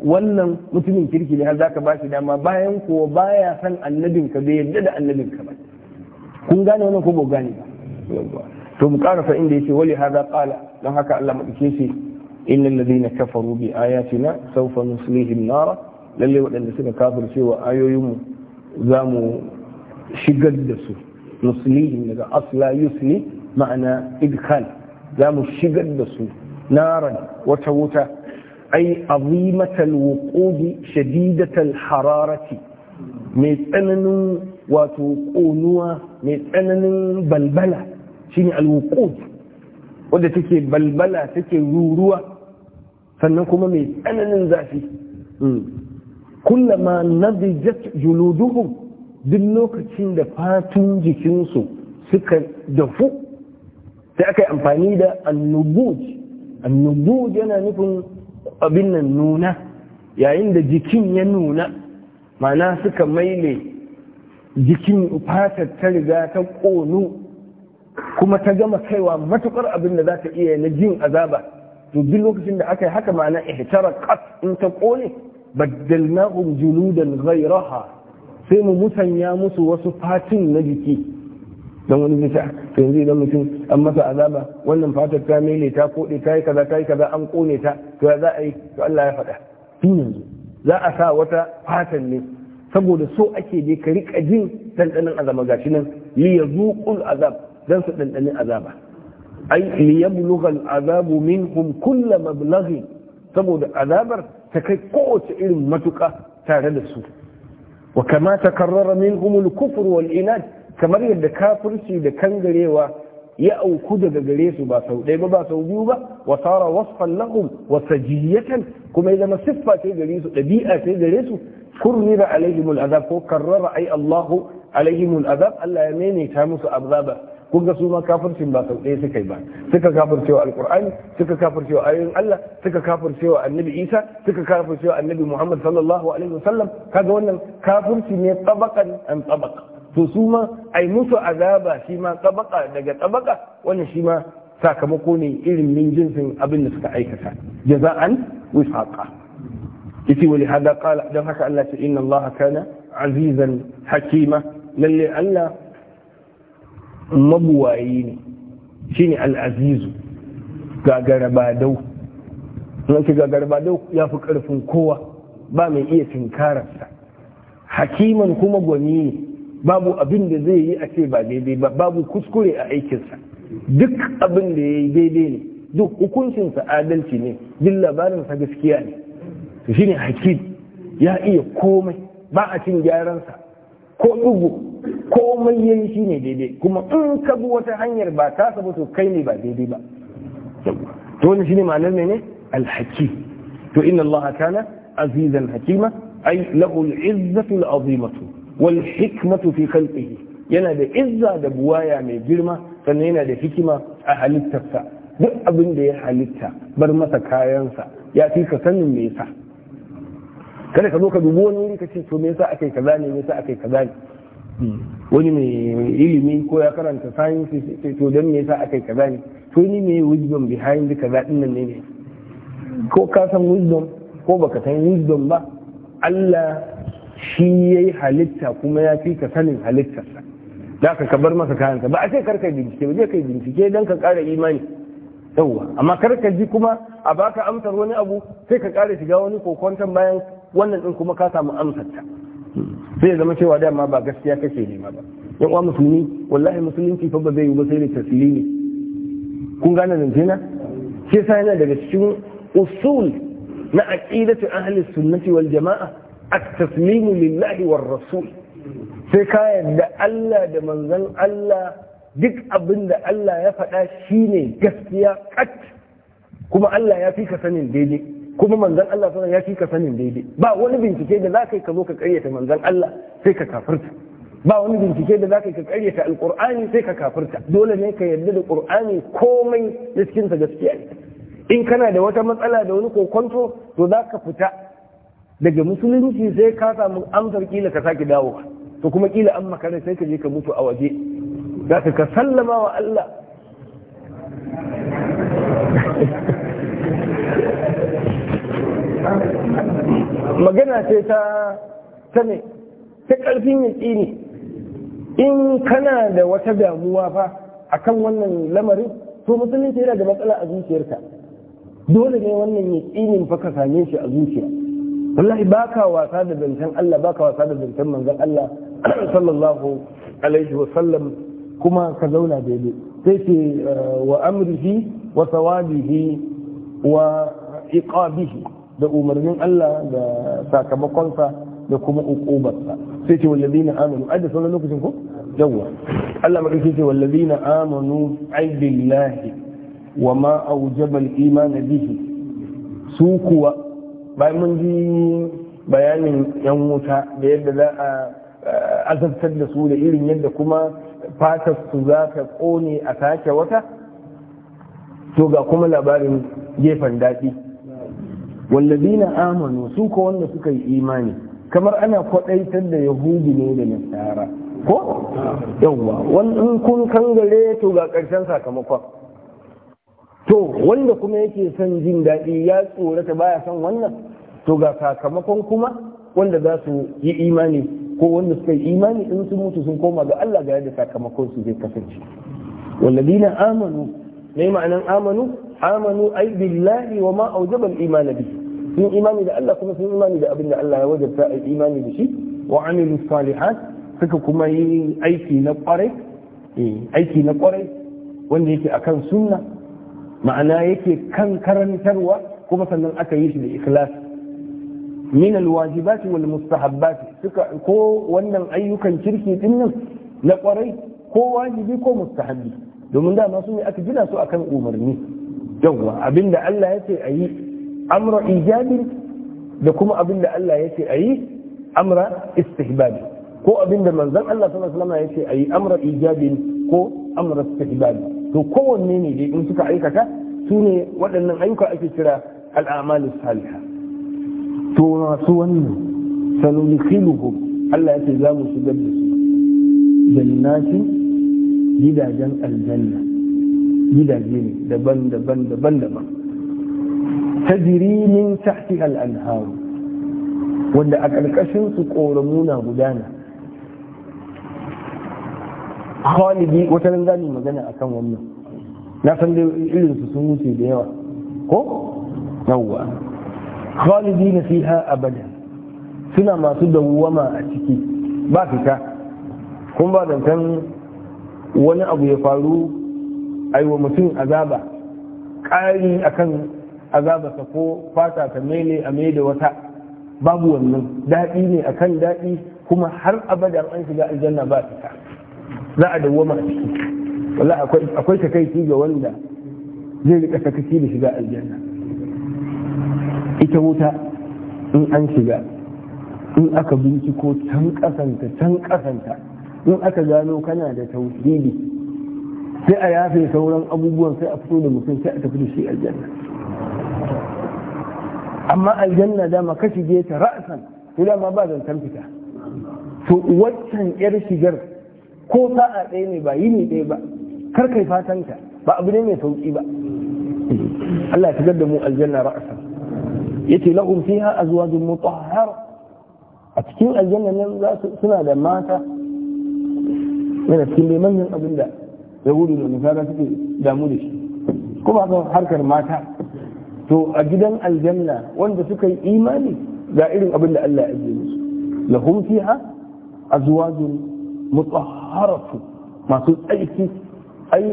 Speaker 2: wannan mutumin kirki ne har za ka ba shi dama bayan kuwa baya san ka bai yadda da annabin ka ba kun gane wannan ko bai gane ba to mu ƙara fa inda yace wali hada qala don haka Allah madike shi innal ladina kafaru bi ayatina sawfa nuslihim nara lalle waɗanda suka kafirce cewa ayoyinmu za mu shigar da su nuslihim daga asla yusli ma'ana idkhal za mu shigar da su naran wata wuta ai azimatal wuqudi shadidatal hararati mai tsananin wato konuwa mai tsananin balbala shine alwuqud wadda take balbala take ruruwa sannan kuma mai tsananin zafi hmm. kullama nadijat juluduhum duk lokacin da fatun jikinsu suka dafu sai aka yi amfani da annubuj annubuj yana nufin abin nan nuna yayin da jikin ya nuna ma'ana suka maile jikin fatar ta riga ta ƙonu kuma ta gama kaiwa matukar abin da za ta iya na jin azaba to duk lokacin da aka yi haka ma'ana ihtara qat in ta ƙone baddalnahum juludan ghayraha sai mu musanya musu wasu fatin na jiki don wani bisa to yanzu idan mutum an masa azaba wannan fatar ta mele ta kode ta yi kaza ta yi kaza an kone ta to ya za a yi to Allah ya faɗa tun yanzu za a sa wata fatar ne saboda so ake je ka riƙa jin ɗanɗanin azaba gashi nan li ya zuƙul azab dan su ɗanɗanin azaba ai li ya yablugha azabu minhum kull mablaghi saboda azabar ta kai kowace irin matuƙa tare da su wa kama takarrara minhum al-kufr wal inad kamar yadda kafirci da kangarewa ya auku daga gare su ba sau ɗaya ba ba sau biyu ba wa sara wasfan lahum wa sajiyatan kuma ya zama siffa ce gare su ɗabi'a ce gare su alaihimul azab ko karrara ai Allahu alaihimul azab Allah ya maimaita musu azaba kun ga su ma kafircin ba sau ɗaya suka yi ba suka wa alkur'ani suka wa ayoyin Allah suka wa annabi Isa suka wa annabi Muhammad sallallahu alaihi wasallam kaga wannan kafirci ne tsabakan an tsabaka to su ma ai musu azaba shi ma tabaka daga tabaka wannan shi ma sakamako ne irin min jinsin abin da suka aikata jaza'an wisaqa yace wali hada qala dan haka Allah ta inna Allah kana azizan hakima lalle Allah mabuwayi ne shine al-azizu gagarabadau nan ce gagarabadau ya fi karfin kowa ba mai iya tinkararsa hakiman kuma gwani ne babu abin da zai yi a ce ba daidai ba babu kuskure a aikinsa duk abin da ya yi daidai ne duk hukuncinsa adalci ne duk labarinsa gaskiya ne to shine hakim ya iya komai ba a cin gyaransa ko dugu komai yayi shine daidai kuma in ka bi wata hanyar ba ta saba to kai ne ba daidai ba to wannan shine ma'anar ne al-hakim to inna allaha kana azizan hakima ay lahu al-izzatu al-azimatu wal hikmatu fi khalqihi yana da izza da buwaya mai girma sannan yana da hikima a halittarsa duk abin da ya halitta bar masa kayansa ya fi ka sanin me yasa kada ka zo ka dubi wani wuri ka ce to me yasa akai kaza ne me yasa akai kaza ne wani mai ilimi ko ya karanta science to dan me yasa akai kaza ne to ni me wisdom behind kaza din nan ne ko ka san wisdom ko baka san wisdom ba Allah shi ya yi halitta kuma ya fi ka sanin halittarsa da ka kabar masa kayansa ba a ce karka bincike ba je kai bincike don ka kara imani yauwa amma karka ji kuma a baka amsar wani abu sai ka kara shiga wani kokonton bayan wannan din kuma ka samu amsar ta sai zama cewa dama ba gaskiya kake nema ba yan uwa musulmi wallahi musulunci fa ba zai yi ba sai da taslimi kun gane zance na sai yana daga cikin usul na aqidatu ahli sunnati wal jama'a at-taslimu lillahi war rasul sai ka yadda Allah da manzon Allah duk abin da Allah ya faɗa shine gaskiya kat kuma Allah ya fi ka sanin daidai kuma manzon Allah sanar ya fi ka sanin daidai ba wani bincike da za kai ka zo ka karyata manzon Allah sai ka kafirta ba wani bincike da za kai ka karyata alkur'ani sai ka kafirta dole ne ka yarda da qur'ani komai na gaskiya ne in kana da wata matsala da wani kokonto to za ka fita daga musulunci sai ka samu amsar kila ka sake dawo to kuma kila an makarai sai ka je ka mutu a waje za ka ka sallama wa Allah magana ce ta ta ne ta ƙarfin yaki ne in kana da wata damuwa fa akan wannan lamarin to musulunci yana da matsala a zuciyarka dole ne wannan yaƙinin fa ka same shi a zuciya wallahi baka wasa da zancen Allah baka wasa da zancen manzon Allah sallallahu alaihi wa sallam kuma ka zauna daidai sai ce uh, wa amrihi wa sawabihi wa iqabihi da umarnin Allah da sakamakonsa da kuma ukubarsa sai ce wallazina amanu ai da sauran lokacin ko yawa Allah madauki ce wallazina amanu ai billahi wa ma aujaba al-iman bihi su kuwa bayan mun ji bayanin yan wuta da yadda za a azabtar da su da irin yadda kuma fatar su za ta kone a sake wata to ga kuma labarin gefen daɗi wallazina amanu su ko wanda suka yi imani kamar ana kwaɗaitar da yahudi ne da nasara ko yawwa wani kun kangare to ga ƙarshen sakamakon to wanda kuma yake son jin daɗi ya tsorata baya son wannan to ga sakamakon kuma wanda za su yi imani ko wanda suka yi imani in sun mutu sun koma ga Allah ga yadda sakamakon su zai kasance walladina amanu ne ma'anan amanu amanu ai billahi wa ma aujaba al-iman bi sun imani da Allah kuma sun imani da abin Allah ya wajabta ai imani da shi wa amilu salihat suka kuma yi aiki na kwarai eh, aiki na kwarai wanda yake akan sunna ma'ana yake kan karantarwa kuma sannan aka yi shi da ikhlas min alwajibat wal mustahabbat suka ko wannan ayyukan kirki din nan na kwarai ko wajibi ko mustahabbi domin da masu ne aka gina su akan umarni yawwa abinda Allah ya ce a yi amra ijabi, da kuma abinda Allah ya ce a yi amra istihbabi ko abinda manzon Allah sallallahu alaihi wasallam ya ce a yi amra ijabi ko amra istihbabi to kowanne ne dai in suka aikata su ne waɗannan ayyuka ake kira al'amalus salihah to masu wannan filuhu Allah ya ce za mu su da su jannatin gidajen aljanna gidaje ne daban daban daban daban tajri min tahtiha al wanda a ƙarƙashin su na gudana khalidi wata nan zamu magana akan wannan na san da irin su sun wuce da yawa ko yawwa khalidina fiha abada suna masu dawwama a ciki ba fita kun ba zantan wani abu ya faru a wa mutum azaba ƙari akan azabarsa ko fata ta mele a da wata babu wannan daɗi ne akan daɗi kuma har abada an shiga aljanna ba fita za a dawoma a ciki wallahi akwai takaici ga wanda zai rika sakaci da shiga aljanna ita wuta in an shiga in aka binciko can kasanta can kasanta in aka gano kana da tauhidi sai a yafe sauran abubuwan sai a fito da mutum sai a tafi da shi aljanna amma aljanna dama ka shige ta ra'asan to dama ba san fita to waccan yar shigar ko sa'a ɗaya ne ba yini ɗaya ba kar kai fatanta ba abu ne mai sauƙi ba Allah ya da mu aljanna ra'asa yace lahum fiha azwajun mutahhar a cikin aljanna nan za su suna da mata yana cikin dai manyan abin da yahudu da nasara suke damu da shi kuma haka harkar mata to a gidan aljanna wanda suka yi imani ga irin abin da Allah ya ajiye musu lahum fiha azwajun mutahhar عرفوا ما تقول أي أي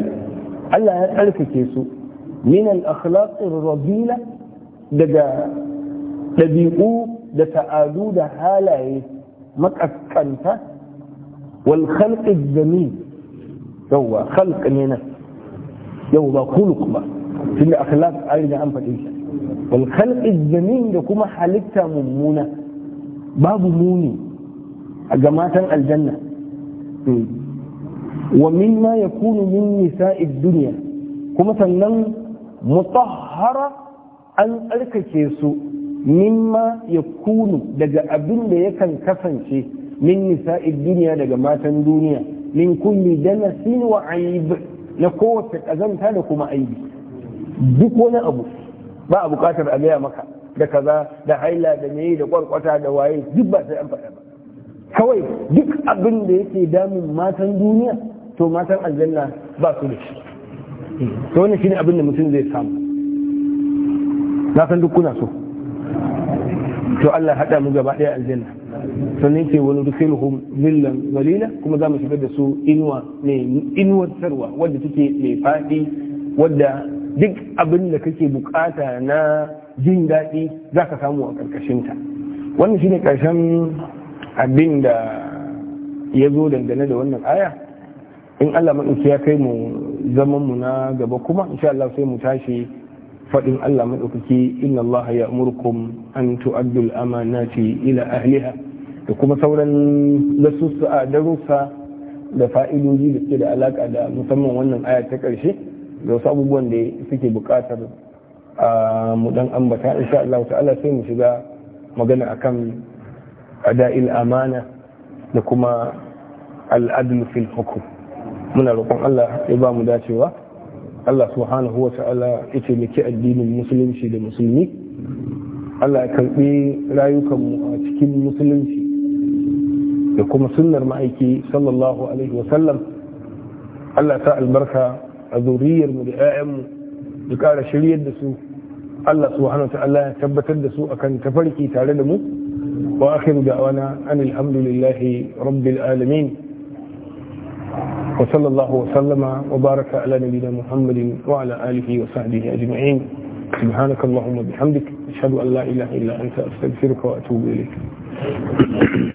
Speaker 2: ألا ألف كيسو من الأخلاق الرذيلة دجا تبيقو دتعادو ما متأكنت والخلق الجميل هو خلق لنا هو خلق ما في الأخلاق أيضا عن فتيشة والخلق الجميل دكما حالكتا ممونة باب موني جماعة الجنة Hmm. wa mimma yakunu min nisa'id dunya kuma sannan mutahhara an tsarkake su mimma yakunu daga abin da yakan kasance min nisa'id dunya daga matan duniya min kulli danasin wa aib na kowace kazanta da kuma aibi duk wani abu ba a bukatar a gaya maka da kaza da haila da meye da kwarkwata da waye duk ba sai an faɗa ba kawai duk abin da yake damun matan duniya to matan aljanna ba su da shi to wannan shine abin da mutum zai samu na san duk kuna so to Allah hada mu gaba daya aljanna sannan yake wani rusulhum zillan walila kuma za mu shigar da su inuwa ne inuwar sarwa wadda take mai fadi wadda duk abin da kake bukata na jin daɗi za ka samu a ƙarƙashinta wannan shine ƙarshen abin da ya zo dangane da wannan aya in Allah maɗauki ya kai mu zaman mu na gaba kuma insha Allah sai mu tashi faɗin Allah maɗaukaki inna Allah ya umurkum an tu'addu al-amanati ila ahliha da kuma sauran a darussa da fa'idoji da ke da alaka da musamman wannan aya ta ƙarshe da wasu abubuwan da suke buƙatar ah, mu dan ambata insha Allah ta'ala sai mu shiga magana akan ada'il amana da kuma al'adun fil hukum muna roƙon Allah ya ba mu dacewa Allah subhanahu wa ta'ala ya taimaki addinin musulunci da musulmi Allah ya karɓi rayukanmu a cikin musulunci da kuma sunnar ma'aiki sallallahu alaihi wasallam Allah ta albarka a zuriyarmu da 'ya'yanmu da ƙara shiryar da su Allah subhanahu ta'ala ya tabbatar da su akan tafarki tare da mu wa akhiru da'wana anil hamdulillahi rabbil alamin wa sallallahu wa sallama wa baraka ala nabiyyina muhammadin wa ala alihi wa sahbihi ajma'in سبحانك اللهم وبحمدك أشهد أن لا إله إلا أنت أستغفرك وأتوب
Speaker 3: إليك